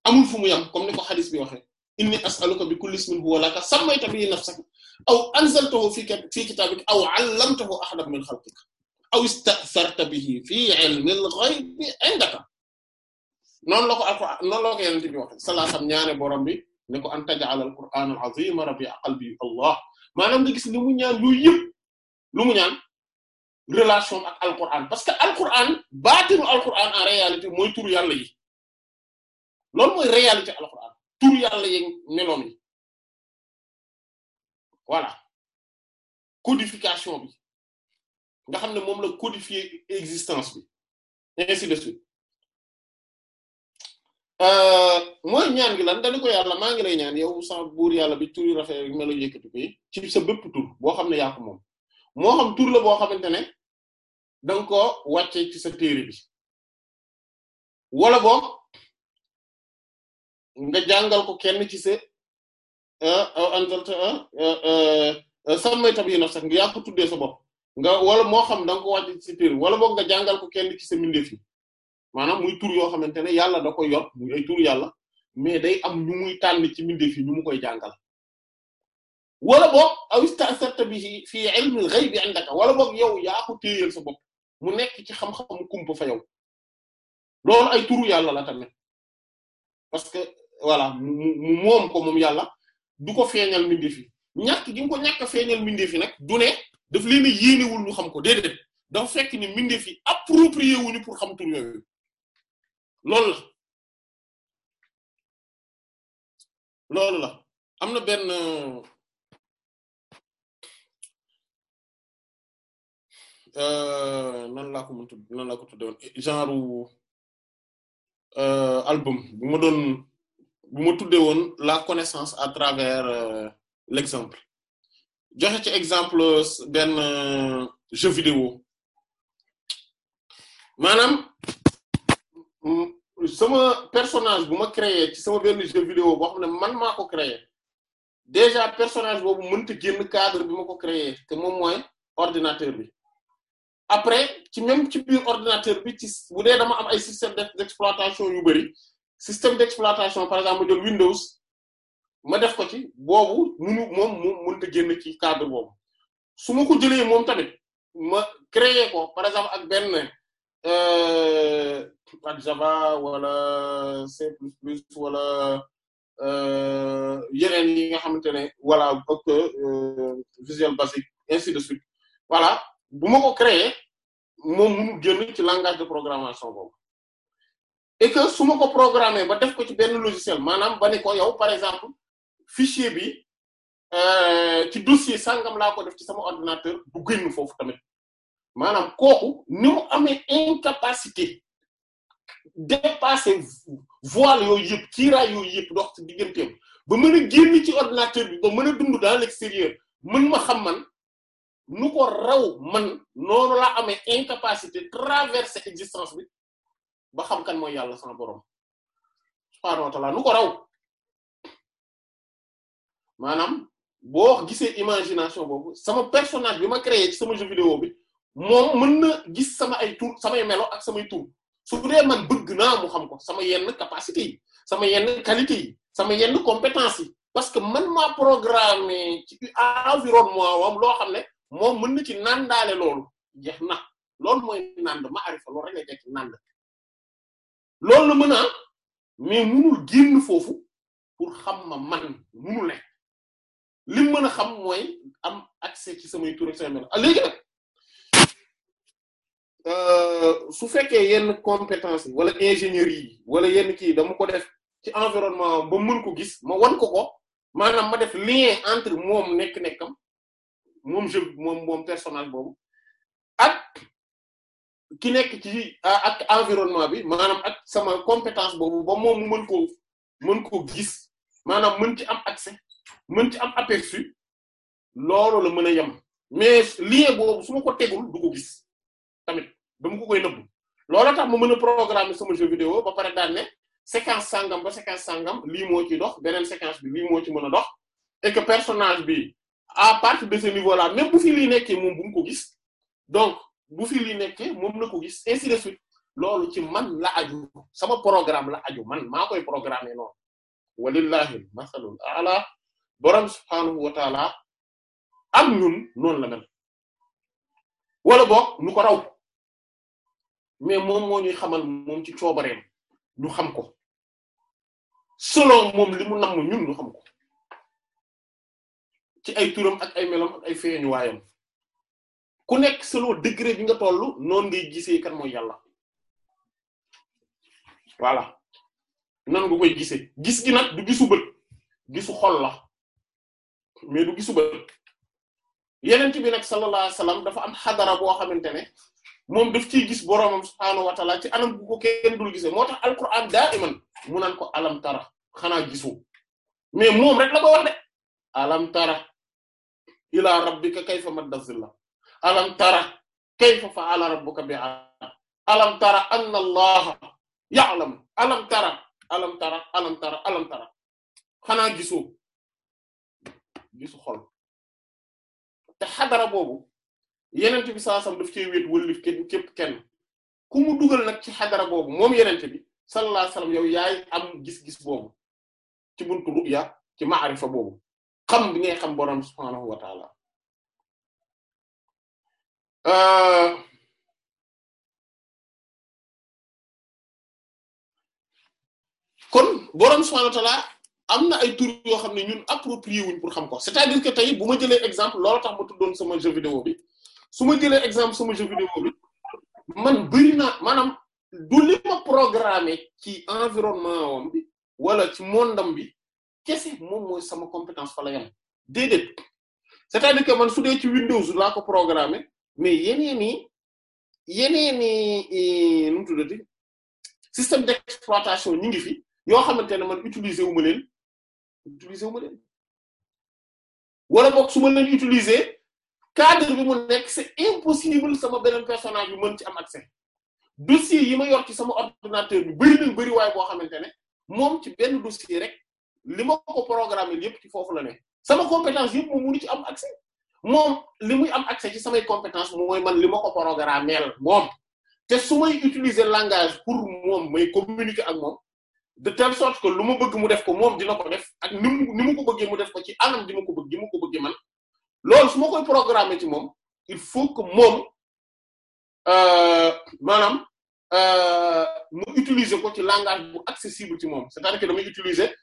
amul fu mu yam comme ni ko xadis bi waxe inni as'aluka bi kulli ismin huwa laka sammayta bihi nafsaka aw anzaltahu fi fi kitabika aw 'allamtahu ahadan min khalqika aw ista'tharta bihi fi 'ilmil ghaybi 'indaka noonu la ko alqur'an noonu la ko yonent bi wax sallallahu alayhi wasallam ñaane borom bi ne ko an taj'ala al-qur'ana al-'azima rabi'a qalbi Allah maanaam nga gis li mu ñaan lu yëpp lu mu ñaan relation ak alqur'an parce que alqur'an baatinu alqur'an en réalité mooy turu yàlla yi loolu mooy réalité alqur'an tur yàlla yeeg meloom yi voilà codification bi nga xam ne moom la codifier existence bi ainsi de suite euh, mooy ñaan gi lan dañu ko yàlla maa ngi lay ñaan yow sa buur yàlla bi tur yu rafet ak melo yëkkati ko ci sa bépp tur boo xam ne yaa moom moo xam tur la boo xamante ne da ko wàcce ci sa téere bi wala boog nga jàngal ko kenn ci se aw anzalta sammayta bihi nafsak nga yaa ko tuddee sa bopp nga wala moo xam da nga ko wàcc ci sa wala boog nga jàngal ko kenn ci sa mbindeef yi maanaam muy tur yoo xamante ne yàlla da koy yor muy ay tur yàlla mais day am ñu muy tànn ci mbindeef yi ñu mu koy jàngal wala boog aw ista'sarta bihi fi ilmi wala boog yow yaa ko téyeel mu nekk ci xam-xamu kumpa fa yow loolu ay turu yàlla la tamit parce voilà mu moom ko moom yàlla du ko feeñal mbindeef yi ñàkk ko ñàkk a feeñal mbindeef yi nag du ne daf leen a yéenewul xam ko déedéet dafa fekk ni mbindeef yi approprié wuñu xam tur yooyu loolu la loolu la am na benn euh, nan laa ko mën nan laa ko genre euh, album bu ma doon bu ma tuddee woon la connaissance à travers euh, l'exemple joxe ci exemple euh, benn euh, jeu vidéo maanaam mm, sama personnage bu ma créé sama benn jeu vidéo bo xam man maa ko créé déjà personnage boobu mënta génn cadre bi ma ko créé te moom mooy ordinateur bi après ci même ci biir ordinateur bi ci bu dee dama am ay système d'exploitation yu bari système d'exploitation par exemple ma jël Windows ma def ko ci boobu munu moom mu mënta génn ci cadre boobu su ma ko jëlee moom tamit ma créer ko par exemple ak benn euh, ak Java wala C plus plus wala euh, yeneen yi nga xamante ne wala ak euh, Visual Basic voilà bu ma ko créer moom munu génn ci langage de programmation boobu et que su ma ko programmer ba def ko ci benn logiciel maanaam ba ne ko yow par exemple fichier bi euh, ci dossier sangam laa ko def ci sama ordinateur bu génn foofu tamit maanaam kooku ni amee incapacité dépasser voile yooyu yëpp kiiraay yooyu yëpp dox ci digganteem ba mën a génn ci ordinateur bi ba mën a dund dans l'extérieur mën ma xam man nu ko raw man noonu laa amee incapacité traverser existence bi ba xam kan mooy yàlla sama borom subhaanahu maanaam boo gisee imagination boobu sama personnage bi ma créé ci sama jeu vidéo bi moom mën na gis sama ay tur samay melo ak samay tur su dee bëgg naa mu xam ko sama yenn capacité yi sama yenn qualité yi sama yenn compétence yi parce que man maa programmé ci environnement loo xam ne moom mën na ci nandaale loolu jeex na loolu mooy nand ma arifa loolu rek la jekk nand loolu la mën a mais munul génn foofu pour xam ma man munul nekk li mën a xam mooy am accès ci samay tur ak samay melo ah, léegi nag euh, su fekkee yenn compétence yi wala ingénierie yi wala yenn kii dama ko def ci environnement bam mën ko gis ma wan ko ko maanaam ma def lien entre moom nekk-nekkam moom jeu moom moom personnage boobu ki nekk ci ak environnement bi maanaam ak sama compétence boobu ba moom mu mën koo mën koo gis maanaam mën ci am accès mën ci am aperçu loolu la mën a yem mais lien boobu su ma ko tegul du ko gis tamit dama ko koy nëbbu loolu tax ma mën a programmer sama jeu vidéo ba pare daan ne séquence sangam ba séquence sangam lii moo ci dox beneen séquence bi lii moo ci mën a dox et personnage bi à partir de ce niveau là même bu fi lii nekkee moom bu mu ko gis donc bu fi li moom na ko gis ainsi de suite loolu ci man la aju sama programme la aju man maa koy programme noonu walillahi masalul ala borom subhaanahu wa am ñun noonu la mel wala boog nu ko raw mais moom moo ñuy xamal moom ci coobareem ñu xam ko selon moom li mu namm ñun ñu xam ko ci ay turam ak ay melam ak ay feeñuwaayam ku nekk selon degré bi nga toll noonu ngay gisee kan mooy yàlla voilà nan nga koy gisee gis gi nag du gisu bët gisu xol la mais du gisu bët yeneen bi nag sallallahu alayhi wasallam dafa am xadara boo xamante ne moom daf ciy gis boroomam subhaanahu wa ta'ala ci anam bu ko kenn dul gisee moo tax alquran da'iman mu naan ko alam tara xanaa gisoo mais moom rek la ko wax de alam tara ila rabbika kayfa madda zilla alam tara kayfa fa'ala rabbuka bi alam tara anna allaha ya'lamu alam tara alam tara alam tara alam tara xanaa gisoo gisu xol te xadara boobu yenente bi sallallahu alayhi wasallam daf cey wéet wëllif kenn képp dugal nag ci xadara boobu moom yenente bi sallallahu alayhi wasallam yow yaay am gis-gis boobu ci buntu ru'ya ci ma'rifa boobu xam bi ngay xam borom subhaanahu wa ta'ala Uh, kon boo subhanahu wa ta'ala am na ay tur yoo xam ne ñun approprié wuñ pour xam ko c'est-à-dire que tey bu ma jëlee exemple loolu tax ma tuddoon sama jeu vidéo bi su ma jëlee exemple sama jeu vidéo bi man bëri naa maanaam du li ma programmé ci environnement wam bi wala ci mondam bi kese moom mooy sama compétence fa la yam c'est-à-dire que man su ci Windows laa ko programmé mais yeneeni yeneeni e, nu mu tuddati système d'exploitation ñu ngi fi yoo xamante ne man utiliser wu ma leen utiliser wu ma leen wala boog su ma leen utiliser cadre bi mu nekk c'est impossible sama beneen personnage bi mën ci am accès dossier yi ma yor ci sama ordinateur bi bari nañ bari waaye boo xamante ne moom ci benn dossier rek li ma ko programmer yépp ci foofu la sama compétence yépp moom mënu ci am accès moom li muy am accès ci samay compétence mooy man li ma ko programmeel moom te su utiliser langage pour moom may communiquer ak moom de telle sorte que lu ma bëgg mu def ko moom dina ko def ak ni mu ko bëggee mu def ko ci anam di ma ko bëgg di ma ko bëggee man lool su ma koy programmer ci moom il faut que moom euh, maanaam euh, mu utiliser ko ci langage bu accessible ci moom c'est-à-dire que damay utiliser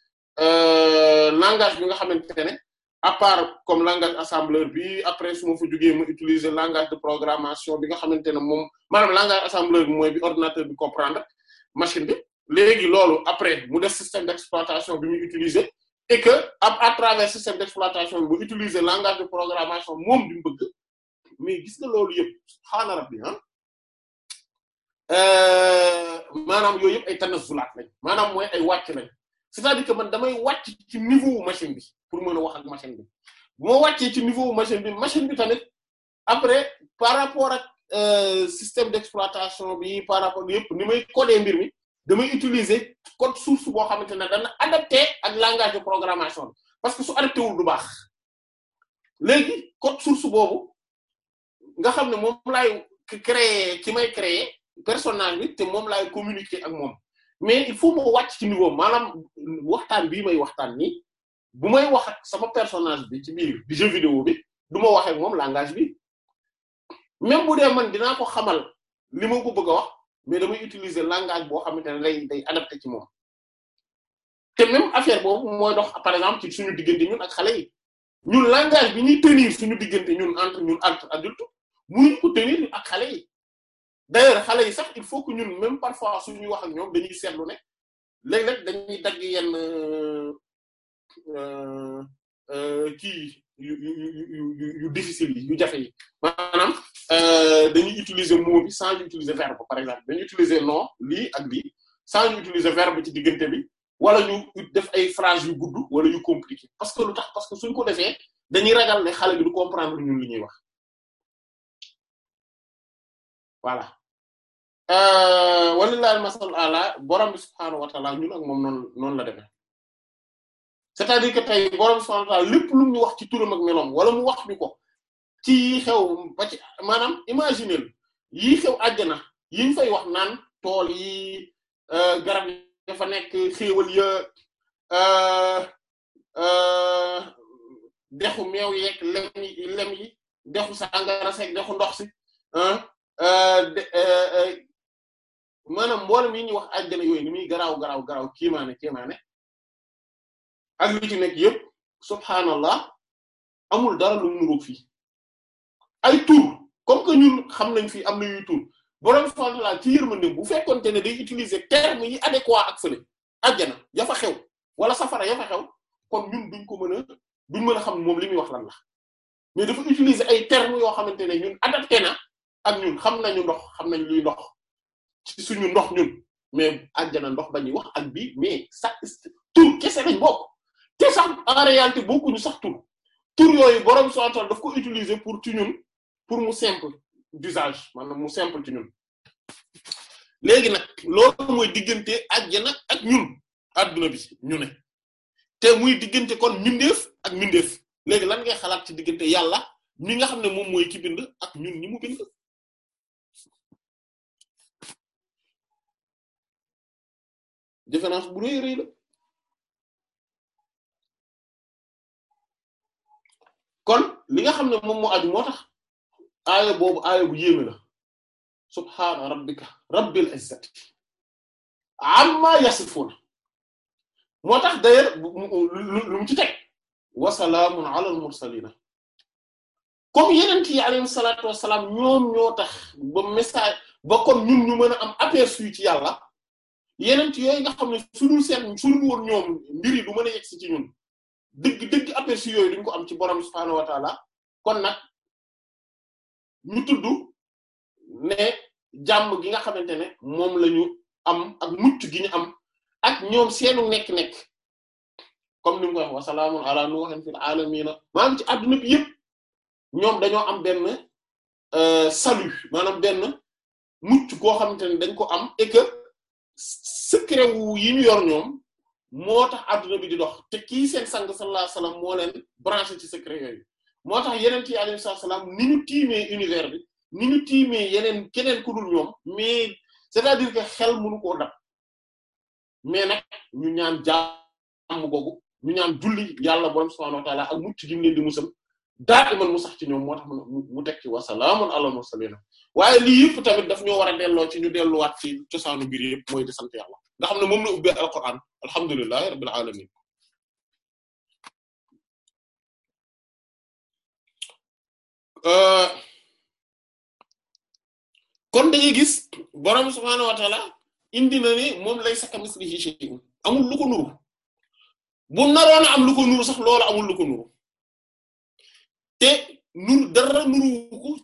euh, langage bi nga xamante ne à part comme langage assembleur bi après su ma fa jugee ma utiliser langage de programmation bi nga xamante ne moom maanaam langage assembleur bi mooy bi ordinateur bi comprendre machine bi léegi loolu après mu des système d'exploitation bi muy utiliser et que à travers système d'exploitation bi mu utiliser langage de programmation moom bi mu bëgg mais gis na loolu yëpp subhaana bi ah euh, maanaam yooyu yëpp ay tanazzulaat lañ maanaam mooy ay wàcc lañ c'est-à-dire que man damay wàcc machine bi pour mën a wax ak machine bi bu ma wàccee ci niveau machine bi machine bi tamit après par rapport ak euh, système d'exploitation bi par rapport yëpp ni may coder mbir mi damay utiliser code source boo xamante ne dana adapté ak langage de programmation parce que su adapté wul du baax léegi code source boobu nga xam ne moom laay créer ki may créer personnage bi te moom laay communiquer ak moom mais il faut moo wàcc ci niveau maanaam waxtaan bi may waxtaan nii bu may wax ak sama personnage bi ci biir jeu vidéo bi du ma wax moom langage bi même bu dee man dinaa ko xamal li ma ko bëgg wax mais damay utiliser langage boo xamante ne day day ci moom te même affaire boobu mooy dox par exemple ci suñu diggante ñun ak xale yi ñun langage bi ñuy tenir suñu diggante ñun entre ñun entre adulte mënuñ ko tenir ak xale yi d'ailleurs xale yi sax il faut que ñun même parfois suñuy wax ak ñoom dañuy seetlu ne léeg-léeg dañuy Euh, euh, kii yu yu yu yu yu difficile yi yu jafe yi maanaam euh, dañuy utiliser mot bi sans ñu utiliser verbe par exemple dañuy utiliser non lii ak lii sans ñu utiliser verbe ci diggante bi wala ñu def ay phrase yu gudd wala yu compliqué parce que lu tax parce que suñ ko defee dañuy ragal ne xale bi du comprendre ñun li ñuy wax voilà. walilahi masal ala borom bi subhaanahu wa taala ñun ak moom noonu noonu la demee c'est-à-dire que tey borom subhaanahu wa ta'aala lépp lu ñu wax wala mu wax ñu ko ci yii xew ba ci maanaam imaginer yii xew àjjana yi ñu fay wax naan tool yi euh, garab yi dafa nekk xéewal ya euh, euh, dexu meew yeeg lem yi lem yi dexu sangara seeg dexu ndox si maanaam mboolem yi ñuy wax àjjana yooyu ni muy garaaw garaaw garaaw kiimaane kiimaane ak li ci nekk yëpp subhaanallah amul dara lu mu nuroog fii ay tur comme que ñun xam nañ fii am na yuy tur borom subhaanahu wa ci ci yërmande bu fekkonte ne day utiliser terme yi adéquat ak fële àjjana ya xew wala safara yafa fa xew kon ñun duñ ko mën a duñ mën a xam moom li muy wax lan la mais dafa utiliser ay termes yoo xamante ne ñun adapté na ak ñun xam nañu ndox xam nañu luy ndox ci suñu ndox ñun mais àjjana ndox ba wax ak bi mais sa tur kese lañ bokk te sax en réalité bokkuñu sax tur tur yooyu borom subhaanahu wa ta'aala daf ko utiliser pour ci ñun pour mu simple d'usage maanaam mu simple ci ñun. léegi nag loolu mooy diggante àjjana ak ñun adduna bi ñu ne te muy diggante kon mindeef ak mindeef léegi lan ngay xalaat ci diggante yàlla mi nga xam ne moom mooy ki bind ak ñun ñi mu bind. différence bu rëy rëy la. kon li nga xam ne moom mu aju moo tax aaya boobu aaya bu yéeme la subhaana rabbika rabbil izzati amma yasifuuna moo tax d'ailleurs lu mu ci teg wa salaamun ala al mursalina comme yeneen yi salaam salaatu ñoom ñoo tax ba message ba kon ñun ñu mën a am aperçu ci yàlla yeneen yooyu nga xam ne su dul seen su dul woon ñoom mbir du mën a yegsi ci ñun dëgg dëgg aperçu yooyu duñ ko am ci borom subhaanahu wataala kon nag ñu tuddu ne jàmm gi nga xamante ne moom lañu am ak mucc gi ñu am ak ñoom seenu nekk-nekk comme ni koy ko wax wa salaamun ala nuuhin fil aalamiina maanaam ci àdduna bi yëpp ñoom dañoo am benn euh, salut maanaam benn mucc koo xamante ne dañ ko am et que secret ñu yor ñoom moo tax adduna bi di dox te kii seen sang sallallahu alayhi wasallam moo ci secret moo tax yeneen ci alayhi salaam ni ñu tiimee univers bi ni ñu tiimee yeneen keneen ku dul ñoom mais c'est-à-dire que xel mais nag ñu ñaan jàmm googu ñu ñaan julli yàlla borom subhaanahu wa ta'aala ak mucc gi mu leen di musal daa iman mu sax ci ñoom moo tax mu teg ci wa salaamun alal mursaliin waaye lii yëpp tamit daf ñoo war a delloo ci ñu delluwaat ci cosaanu mbir yëpp mooy di sant yàlla nga xam ne moom la ubbee alquran alhamdulillahi rabbil alamin uh, kon dañuy gis borom subhaanahu wa indi na ni moom laysa kamislihi shay'un amul lu ko nuru bu naroon am lu ko sax loolu amul lu ko te nuru dara nuru uh,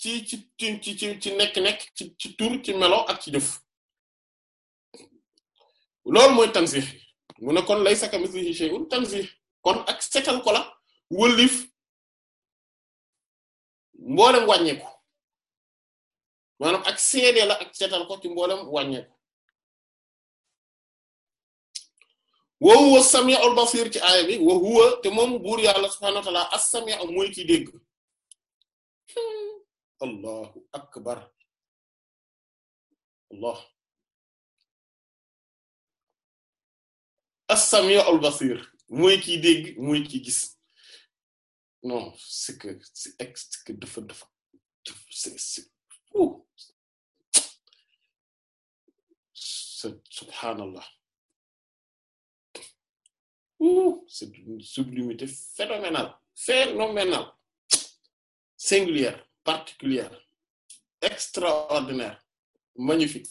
ci ci ci ci ci ci nekk ci tur ci melo ak ci def loolu mooy tanzih mu ne kon laysa kamithlihi shay'un tanzih kon ak setal ko la wëlif mboolem wàññeeku maanaam ak seede la ak setal ko ci mboolem wàññeeku wa huwa as-sami'ul basir ci aaya bi wa huwa te moom buur yàlla subhanahu wa ta'ala as-sami'u mooy ki dégg allahu akbar allah as-sami' al-basir mooy kiy dégg mooy kiy gis non c'est que c'est c'est que dafa dafa c'est c'est subhanallah c'est sublimité phénoménale phénoménale singulière particulière extraordinaire magnifique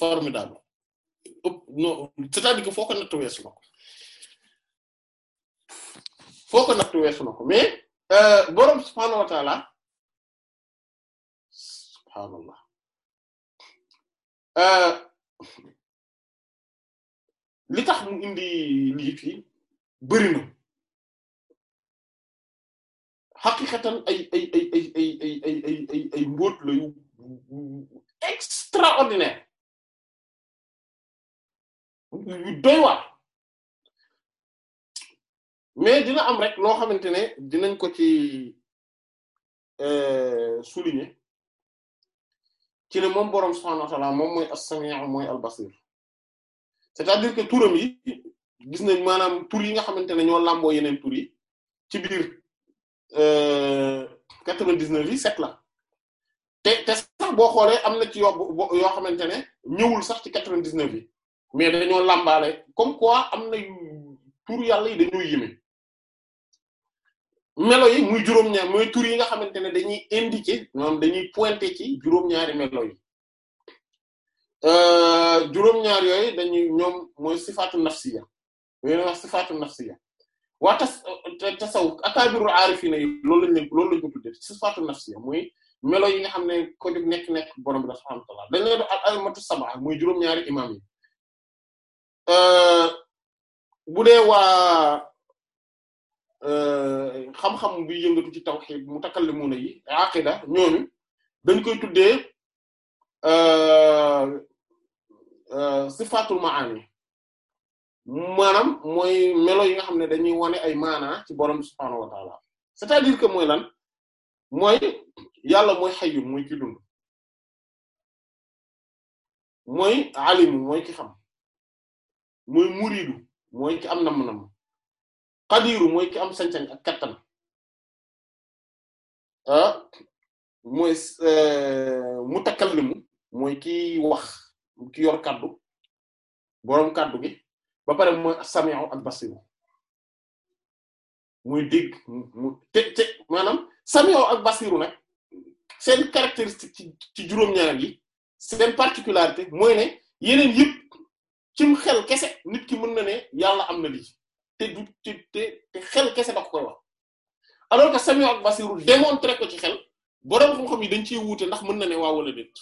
formidable ëpp non c'est-à-dire que weesu na ko foo weesu na mais boroom subhaanahu wa taala li tax mu indi lii fii bëri na ay ay ay ay ay ay extraordinaire doy waar mais dina am rek loo xamante ne dinañ ko ci euh, souligner ci ne moom borom subhaanahu wa ta'aala moom mooy as-sami'u mooy al-basir c'est-à-dire que turam yi gis nañ maanaam tur yi nga xamante ne ñoo làmboo yeneen tur yi ci biir euh, quatre-vingt-dix-neuf yi sept la te sax boo xoolee am na ci yoo xamante ne ñëwul sax ci quatre-vingt-dix-neuf yi mais dañoo làmbaale comme quoi am na tur yàlla yi dañoo yéeme melo yi muy juróom-ñaar mooy tur yi nga xamante ne dañuy indiquer maanaam dañuy pointer ci juróom-ñaari melo yi euh, juróom-ñaar yooyu dañuy ñoom mooy sifaatu nafsiya yooyu la wax sifaatu nafsiya waa tas tasaw akaabiru aarifiina yi loolu lañ loolu lañ ko tuddee sifaatu nafsiya melo yi nga xam ne ko jóg nekk nekk borom bi subhaanahu wa ta'aala dañ leen doon al a'immatu sab'a mooy juróom-ñaari imaam yi. Euh, bu dee waa euh, xam-xam bi yëngatu ci tawhid mutakallimuna yi aqida ñooñu dañ koy tuddee euh, sifatul maani maanaam mooy melo yi nga xam ne dañuy wane ay maana ci borom subhaanahu wa c'est-à-dire que mooy lan mooy yàlla mooy xayyun mooy ki dund mooy alimu mooy ki xam mooy muridu mooy ki am namm-namm xadiiru mooy ki am sañ-sañ ak kattan a ah, mooy eh, mutakallimu mooy ki wax ki yor kaddu boroom kaddu gi ba pare mooy sami'u ak basiru muy dégg mu te te maanaam sami'u ak basiru nag seen caractéristique ci ci juróom-ñaar yi seen particularité mooy ne yeneen yëpp cim xel kese nit ki mën na ne yàlla am na lii te du te xel kese da ko koy wax alors que Samiu ak Basiru démontrer ko ci xel boroom xam-xam yi dañ ciy wuute ndax mën na ne waaw wala déet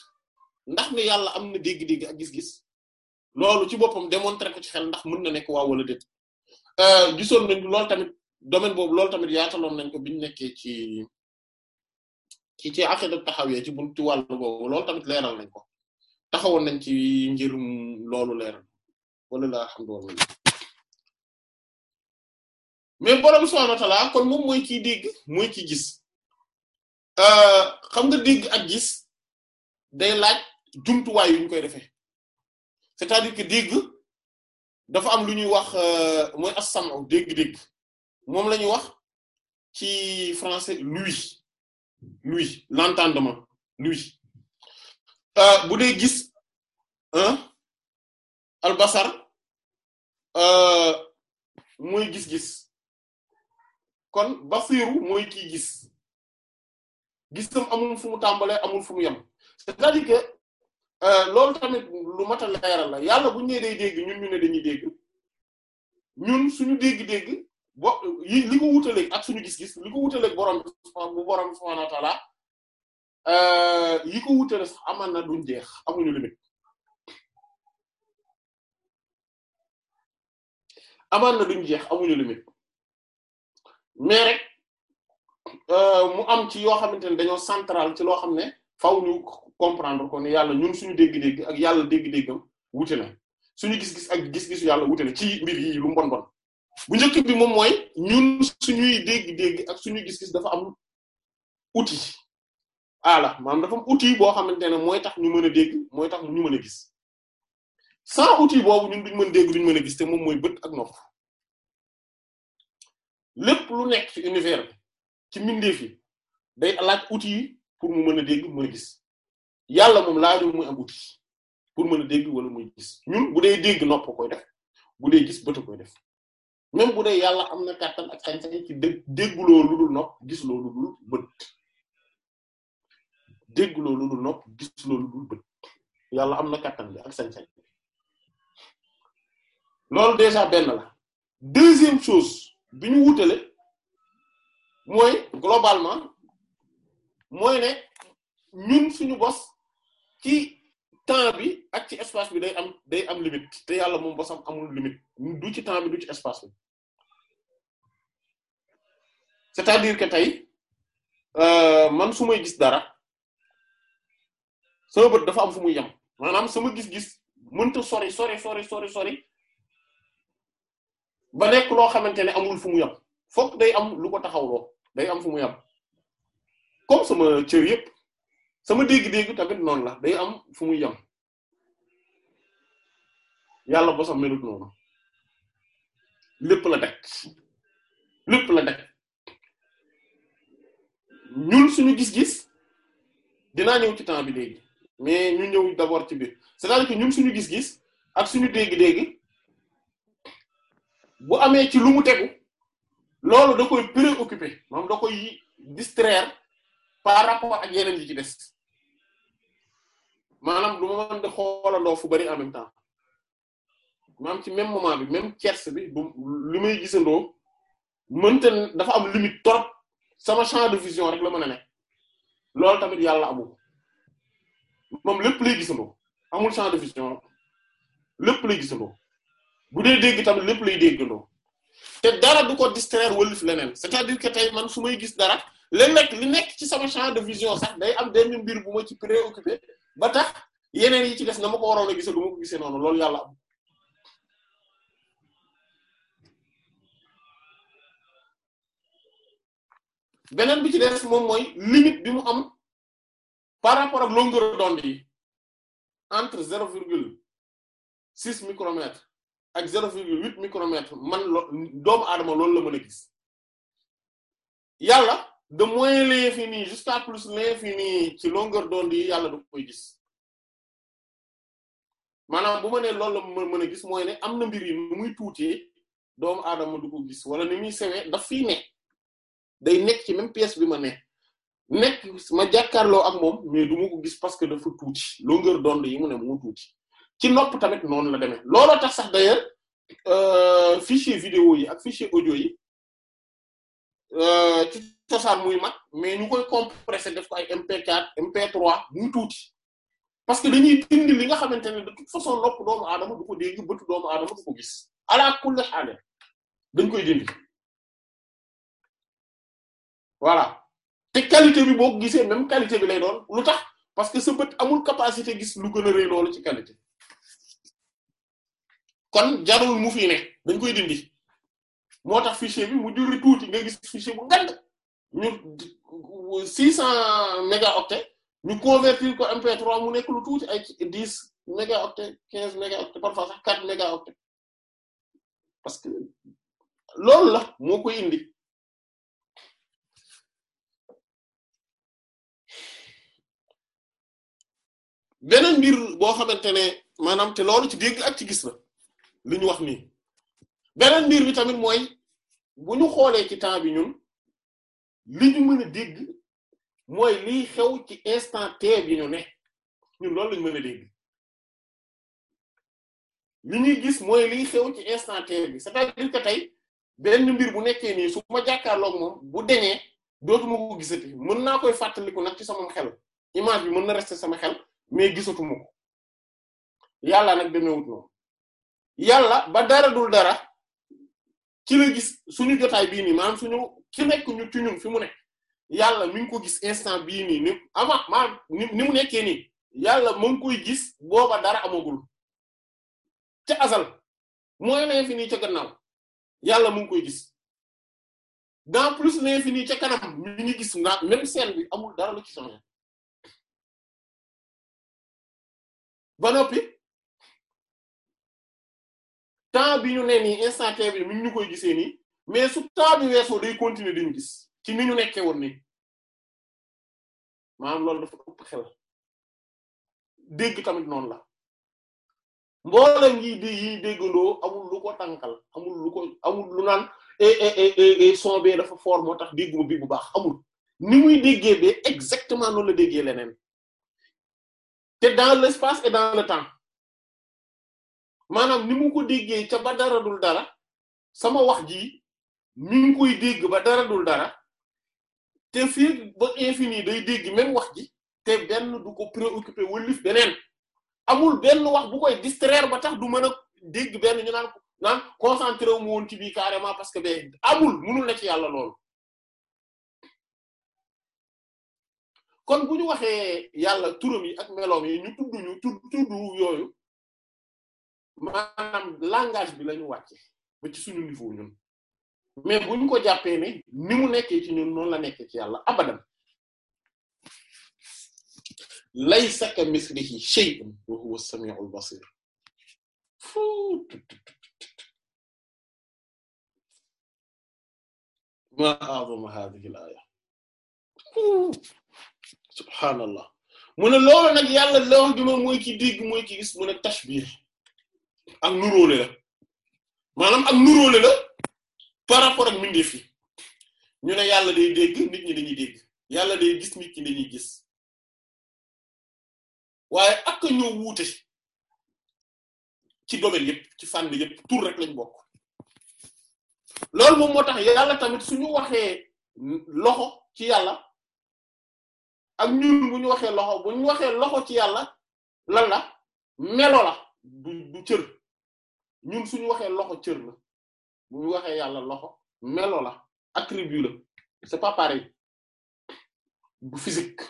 ndax ne yàlla am na dégg-dégg ak gis-gis loolu ci boppam démontrer ko ci xel ndax mën na nekk waaw wala déet euh, gisoon nañ loolu tamit domaine boobu loolu tamit yaataloon nañ ko biñu nekkee ci ci ci taxaw taxawee ci buntu wàll boobu loolu tamit leeral nañ ko taxawoon nañ ci ngir loolu leeral wala laa alhamdulilah mais borom subhaanahu wa ta'aala kon moom mooy kiy dégg mooy kiy gis euh, xam nga dégg ak gis day laaj jumtuwaay yu koy refe c'est-à-dire que dégg dafa am lu ñuy wax euh, mooy as-sam'u dégg-dégg moom la ñuy wax ci français l'ouïe l'ouïe l'entendement l'ouïe euh, gis albasar Euh, mooy gis-gis kon basiru mooy kii gis gisam amul fu mu tàmbalee amul fu mu yem c'est-à-dire euh, loolu tamit lu mat a leeral la yàlla bu ñu nee day dégg ñun ñu ne dégg ñun suñu dégg-dégg bo yi li ko wutaleeg ak suñu gis-gis li ko wutaleeg borom bi bu borom bi subhaanahu wa ta'aala euh, yi ko wutale sax amaan na duñ jeex amuñu limite mais rek euh, mu am ci yoo xamante ne dañoo central ci loo xam ne faaw ñu comprendre ko yàlla ñun suñu dégg-dégg ak yàlla dégg-déggam wute na suñu gis-gis ak gis-gisu yàlla wute na ci mbir yii lu mbon bon bu njëkk bi moom mooy ñun suñuy dégg-dégg ak suñuy gis-gis dafa am outil ala maanaam dafa am outil boo xamante ne mooy tax ñu mën a dégg mooy tax ñu mën gis sans outil boobu ñun duñ mën dégg duñ mën a gis te moom mooy bët ak nopp lépp lu nekk ci univers bi ci mbindeef yi day alaaj outil yi pour mu mën a dégg mën gis yàlla moom laajul muy am outil pour mën a dégg wala muy gis ñun bu dee dégg nopp koy def bu dee gis bët koy def même bu dee yàlla am na kàttan ak sañ-sañ ci dé dégguloo lu dul nopp am na kàttan ak sañ-sañ loolu déjà benn la deuxième chose bi ñu wutale mooy globalement mooy ne ñun suñu bos ci temps bi ak ci espace bi day am day am limite te yàlla moom bosam amul limite du ci temps bi du ci espace bi c'est-à-dire que tey euh, man su may gis dara sama bët dafa am fu muy yem maanaam sama gis-gis mënta sori sori sori sori sori ba nekk loo xamante ne amul fu mu yem fokk day am lu ko taxawloo day am fu mu yem comme sama cër yëpp sama dégg-dégg tamit noonu la day am fu muy yem yàlla bosam melut noonu lépp la daj lépp la daj ñuul suñu gis-gis dinaa ñëw ci temps bi léegi mais ñu ñëw d'abord ci biir c'est-à-dire que ñun suñu gis-gis ak suñu dégg-dégg bu amee ci lu mu tegu loolu da koy préoccupé moom da koy distraire par rapport ak yeneen yi ci des maanaam du ma mën di xoolandoo fu bari en même temps maanaam ci même moment bi même tierce bi du li may gisandoo mënta dafa am limite trop sama champ de vision rek la mën a ne loolu tamit yàlla amul moom lépp lay gisandoo amul champ de vision lépp lay gisandoo bu dee dégg tamit lépp lay déggandoo te dara du ko distraire wëlif leneen c'est-à-dire que tey man su may gis dara léeg nekk li nekk ci sama champ de vision sax day am benn mbir bu ma ci préoccupé ba tax yeneen yi ci des na ma ko waroon a gisee du ma ko gisee noonu loolu yàlla beneen bi ci des moom mooy limite bi mu am par rapport ak longueur d'onde yi entre zéro virgule six micromètres ak zéro virgule huit micromètre man lo doomu aadama loolu la mën a gis yàlla de moins nii jusqu'à plus l'infini ci longeur d'onde yi yàlla da koy gis maanaam bu ma nee loolu la mën a gis mooy ne am na mbir yi nu muy tuutee doomu aadama du ko gis wala ni muy sewee daf fiy ne day nekk ci même pièce bi ma ne nekk ma jàkkaarloo ak moom mais du ma gis parce que dafa tuuti longueur d'onde yi mu ne moo tuuti ci nopp tamit noonu la demee looloo tax sax d'ailleurs euh, fichier vidéo yi ak fichier audio yi euh, ci cosaan muy mag mais ñu koy compressé def ko ay MP4 MP3 muy tuuti parce que dañuy dindi nga xamante ne de toute façon nopp doom aadama du ko dégg bëtu doomu aadama du ko gis ala kulli xaale dañ koy dindi voilà te qualité bi boo ko gisee même qualité bi lay doon lu tax parce que sa bët amul capacité gis lu gën a rëy ci qualité kon jarul mu fii ne dañ koy dindi moo tax fichier bi mu juri tuuti nga gis fichier bu ngand ñu 600 mégaoctets ñu convertir ko MP3 mu nekk lu tuuti ay 10 mégaoctets 15 mégaoctets parfois sax 4 mégaoctets parce que loolu la moo koy indi. beneen mbir boo xamante ne maanaam te loolu ci dégg ak ci gis la li ñu wax nii beneen mbir bi tamit mooy bu ñu xoolee ci temps bi ñun li ñu mën a dégg mooy liy xew ci instant T bi ñu ne ñun loolu lañu mën a dégg li ñuy gis mooy liy xew ci instant bi c'est-à-dire que tey benn mbir bu nekkee nii su ma jàkkaarloog moom bu deñee dootuma ko gisati mën naa koy fàttaliku nag ci sama xel image bi mën na rester sama xel mais gisatuma ko yàlla nag demewut noonu yàlla ba dara dul dara ci la gis suñu jotaay bii nii maanaam suñu ki nekk ñu ci ñun fi mu nekk yàlla mi ngi ko gis instant bii nii ni ama maanaam ni mu nekkee nii yàlla mu koy gis booba dara amagul ca asal mooy l'infini ca gannaaw yàlla mu ngi koy gis dans plus nii ca kanam mi ngi gis naa même scène bi amul dara lu ci changé ba noppi temps bi ñu ne nii bi mi ñu koy gisee nii mais su temps bi weesoo day continuer dañu gis ci ni ñu nekkee woon nii maanaam loolu dafa ëpp xel dégg tamit noonu la mboolem ngi di yi déggandoo amul lu ko tànkal amul lu ko amul lu naan et e, e, e, dafa fort moo tax dégguma bi bu baax amul ni muy déggee bee exactement noonu la déggee leneen te dans l'espace et dans le temps maanaam ni mu ko déggee ca ba dara dul dara sama wax ji mi ngi koy dégg ba dara dul dara te fii ba infini day dégg même wax ji te benn du ko préoccupé wëlif beneen amul benn wax bu koy distraire ba tax du mën a dégg benn ñu naan naan concentré wu mu woon ci bii carrément parce que ba amul mënul na ci yàlla loolu kon bu ñu waxee yàlla turam yi ak meloom yi ñu tudd ñu tudd tudd yooyu maanaam langage bi la ñu wàcce ba ci suñu niveau ñun mais bu ko jàppee ni mu nekkee ci ñun noonu la nekkee ci yàlla abadan laysa ka mislihi shay'un wa huwa as-sami'ul basir ma a'zama hadhihi al-aya subhanallah mu ne loolu nag yàlla loon di moom mooy ki dégg mooy ki gis mu ne tashbih ak nuróole la maanaam ak nuróole la par rapport ak mindeef yi ñu ne yàlla day dégg nit ñi dañuy dégg yàlla day gis nit ñi dañuy gis waaye ak ñoo wuute ci domaine yëpp ci fànn yëpp tur rek lañ bokk loolu moom moo tax yàlla tamit suñu waxee loxo ci yàlla ak ñun bu ñu waxee loxo bu ñu loxo ci yàlla lan la melo la du du cër ñun suñu waxee loxo cër la bu waxee yàlla loxo melo la attribut la c'est pas pareil bu physique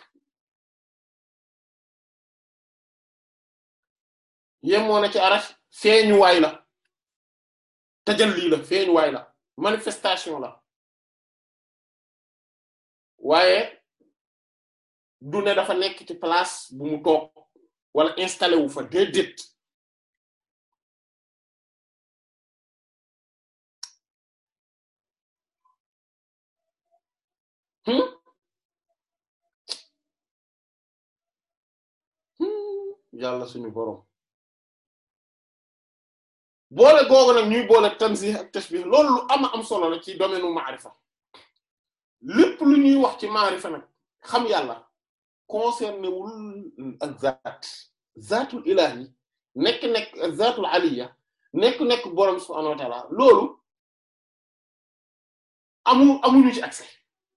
yemoo na ci arash feeñuwaay la tajalli la feeñuwaay la manifestation la waaye du ne dafa nekk ci place bu mu toog wala installé wu fa déedéet Hm? yàlla suñu borom boole googu nag ñuy boole tanzih ak tashbih loolu lu ama am solo la ci domaine u maarifa lépp lu ñuy wax ci maarifa nag xam yàlla concerné wul ak zaat zaatul ilahi nekk nekk zaatul aliya nekk nekk borom subhanahu wa loolu amu amuñu ci accès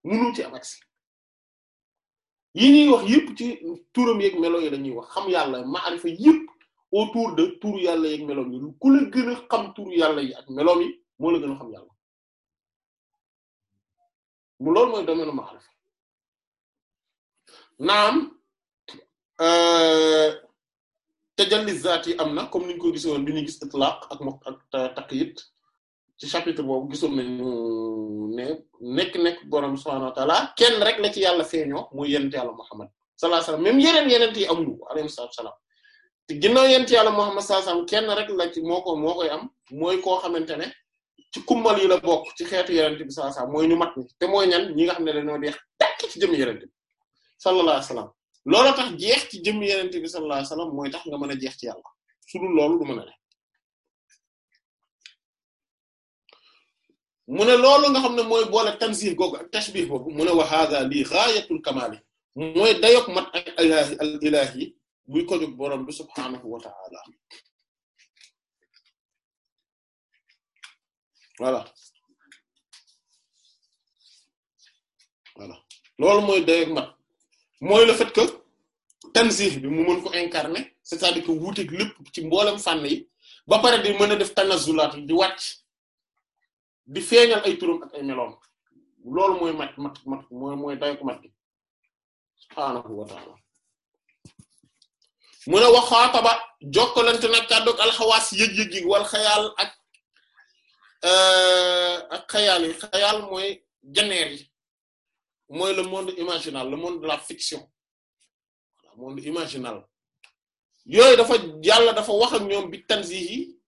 munu ci am accès yi ñuy wax yëpp ci turam yeeg melo yi dañuy wax xam yàlla ma maarifa yëpp autour de turu yàlla yeeg meloom yi ku la gën xam turu yàlla yi ak meloom yi moo la gën xam yàlla bu loolu mooy domaine maarifa naam euh, tajalli zaat yi am na comme niñ ko gisee woon bi ñuy gis itlaq ak moom ak euh, taqyid ci chapitre boobu gisoon nañu ne nekk-nekk borom subhaanahu wa ta'aala kenn rek la ci yàlla feeñoo mooy yonent yàlla Muhammad sallallahu alayhi wasallam même yeneen yeneen yi amuñu ko alayhi salaam te ginnaaw yonent yàlla Muhammad sallallahu alayhi wasallam kenn rek la ci moo ko moo koy am mooy koo xamante ne ci kumbal yi la bokk ci xeetu yonent bi sallallahu mooy ñu mat ni te mooy ñan ñi nga xam ne dañoo deex tàkk ci jëm yonent bi sallallahu alayhi wasallam loolu tax jeex ci jëm yonent bi sallallahu alayhi wasallam mooy tax nga mën a jeex ci yàlla su loolu du mën a ne mu ne loolu nga xam ne mooy boole tanzih googu ak tashbih boobu mu ne wa hadha li ghayatul kamali mooy dayok mat a ilahi al ilahi buy ko jóg borom bi subhaanahu wa ta'ala voilà voilà loolu mooy dayok mat mooy la fet que tanzih bi mu mën ko incarner c'est-à-dire que wuuteeg lépp ci mboolem fànn yi ba pare di mën a def tanazulaat yi di wàcc di feeñal ay turam ak ay meloom loolu mooy mat mat mat mooy mooy day mat gi subhaanahu wa ta'ala mu ne waxaataba jokkalante nag kàddug alxawaas yëg-yëg yi wal xayaal euh, ak xayaal yi xayaal mooy janeer yi mooy le monde imaginal le monde la fiction monde imaginal yooyu dafa yàlla dafa wax ak ñoom bi tanzihi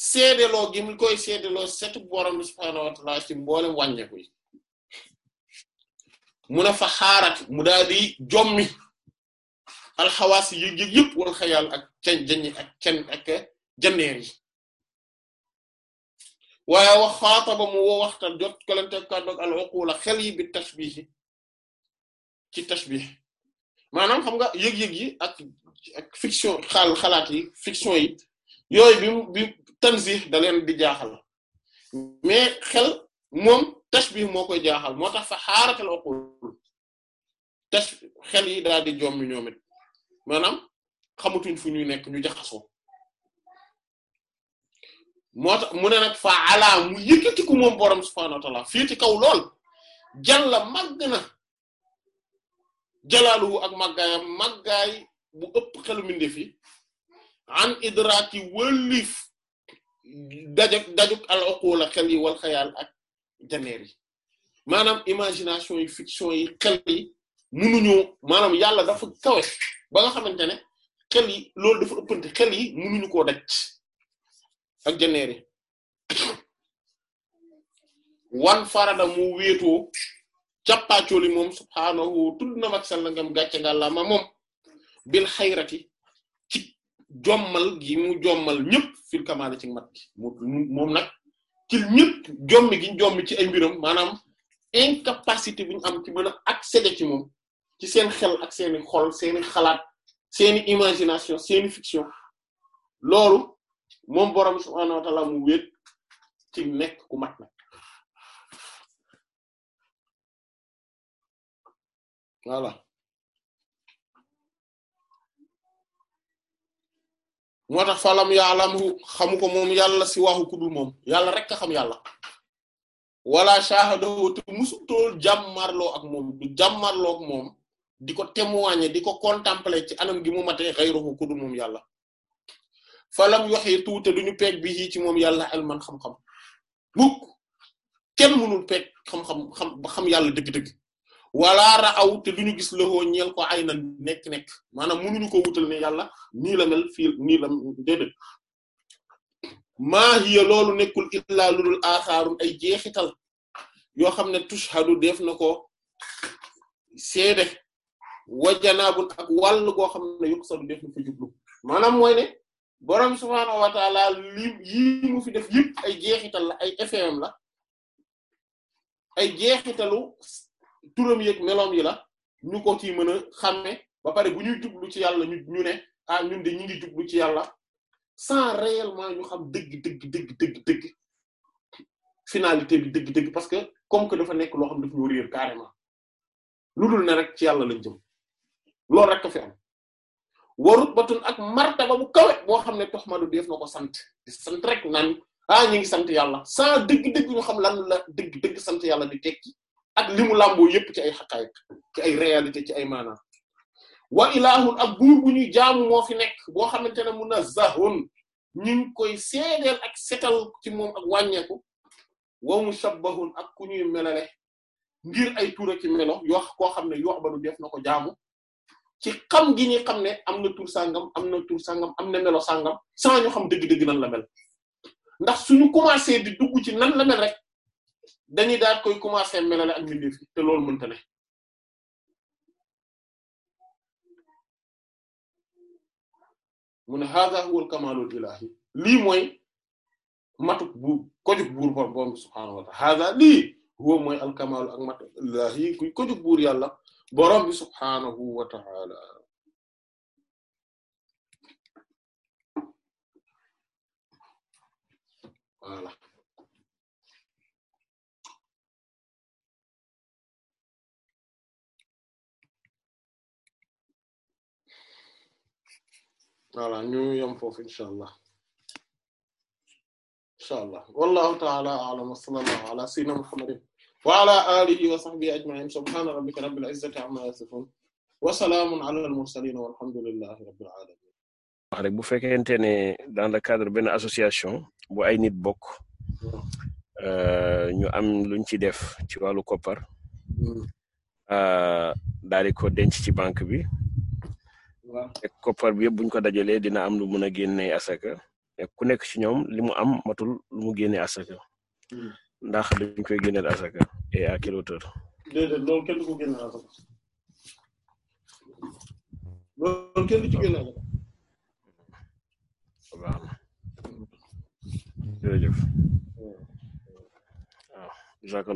seedeloo gi mu koy seedeloo setu borom bi subhaanahu wa ta'ala ci mboolem wàññeeku yi mun fa xaarat mu daal di jommi alxawaas yi yëg-yëg yëpp wal xayaal ak can jañi ak can janneer yi waaye wax xaataba mu woo waxtal jot kalante kàddoog al uqula xel yi bi tashbih ci tashbih maanaam xam nga yëg-yëg yi ak fiction xaal xalaat yi fiction yi yooyu bi bi tanzih da di jaaxal mais xel moom tashbih moo koy jaaxal moo tax fa xaaratal uqul tash xel yi daal di jommi ñoom it maanaam xamatuñ fu ñuy nekk ñu jaxasoo moo tax mu ne fa ala mu moom borom subhaanahu wa ta'ala fii ci kaw lool jalla màgg na ak màggaayam màggaay bu ëpp xelu minde fi an wëlif dajak dajuk al uqul xel yi wal xayaal ak janeer yi maanaam imagination yi fiction yi xel yi munuñu maanaam yàlla dafa kawe ba nga xamante ne xel yi loolu dafa ëppante xel yi munuñu koo daj ak janeer wan farada mu wéetoo càppaacoli moom subhaanahu tudd na mag sal na ngam gàcce ngàllaa ma moom bil xayrati jommal gi mu jommal ñëpp fil kamaale ci mat gi moom nag ci ñëpp jommi gi ñu ci ay mbiram maanaam incapacité bi ñu am ci mën a accéder ci moom ci seen xel ak seeni xol seeni xalaat seeni imagination seeni fiction loolu moom boroom subhaanahu wa mu wéet ci nekk ku mat nag voilà moo tax falam ya'lamhu xamu ko moom yàlla si waaxu kudul moom yàlla rek xam yàlla wala shahadahu te musutoo jàmmarloo ak moom du jàmmarloo ak moom di ko témoigner di ko contempler ci anam gi mu matee ghayruhu kudul moom yàlla falam yuhitu te duñu peeg bi yii ci moom yàlla ilman xam-xam mukk kenn mënul peeg xam-xam xam ba xam yàlla dëgg-dëgg wala ra aw te duñu gis loxoo ñeel ko ay na nekk-nekk maanaam mënuñu ko wutal ne yàlla nii la mel fii nii la déedéet maa hiya loolu nekkul illaa ludul ay jeexital yoo xam ne tushhadu def na ko seede wajanaabun ak wàll goo xam ne yuqsadu def na ko jublu maanaam mooy ne borom subhaanahu wa taala li fi def yëpp ay jeexital la ay effet la ay jeexitalu turam yeeg meloom yi la ñu ko ci mën a xàmme ba pare bu ñuy jublu ci yàlla ñu ñu ne ah ñun de ñu ngi jublu ci yàlla sans réellement ñu xam dëgg dëgg dëgg dëgg dëgg finalité bi dëgg dëgg parce que comme que dafa nekk loo xam daf ñu réer carrément lu dul ne rek ci yàlla lañ jëm loolu rek ko fi am warut batun ak martaba bu kawe boo xam ne tox ma lu def na ko sant di sant rek naan ah ñu ngi sant yàlla sans dëgg-dëgg ñu xam lan la dëgg-dëgg sant yàlla di tekki ak limu mu làmboo yépp ci ay xaqaayiq ci ay réalité ci ay maanaam wa ilahun ak buur bu ñuy jaamu moo fi nekk boo xamante ne munazzahun ñu ngi koy seedeel ak setal ci moom ak wàññeeku wa mushabbahun ak ku ñuy melale ngir ay tuura ci melo yoo koo xam ne yo ba du na ko jaamu ci xam gi ñuy xam ne am na tur sangam am na tur sangam am na melo sangam sans ñu xam dëgg-dëgg nan la mel ndax suñu commencé di dugg ci nan la mel rek dañuy daal koy commencer melale ak mbindeef yi te loolu mënta hadha huwa al ilahi lii mooy matuk buur kojug buur ba borom hadha lii huwa mooy alkamalu ilahi kuy kojug buur yàlla borom bi subhaanahu wa ta'ala voilà voilà ñu yem foofu incha allah incha allah wallahu taala a'lam wa sallallahu muhammadin wa ala alihi wa sahbihi ajma'in subhana rabbika rabbil ala al mursalin walhamdulillahi rabbil alamin bu fekkente ne dans le cadre benn association bu ay nit bokk euh, ñu am luñ ci def ci wàllu koppar hmm. euh, daal di ko ci banque bi te koppar bi yëpp buñ ko dajalee dina am lu mun a génnee asaka te ku nekk ci ñoom li mu am matul lu mu génnee asaka hmm. ndax dañ koy génneel asaka et à quelle hauteur. déedéet asaka loolu kenn du ci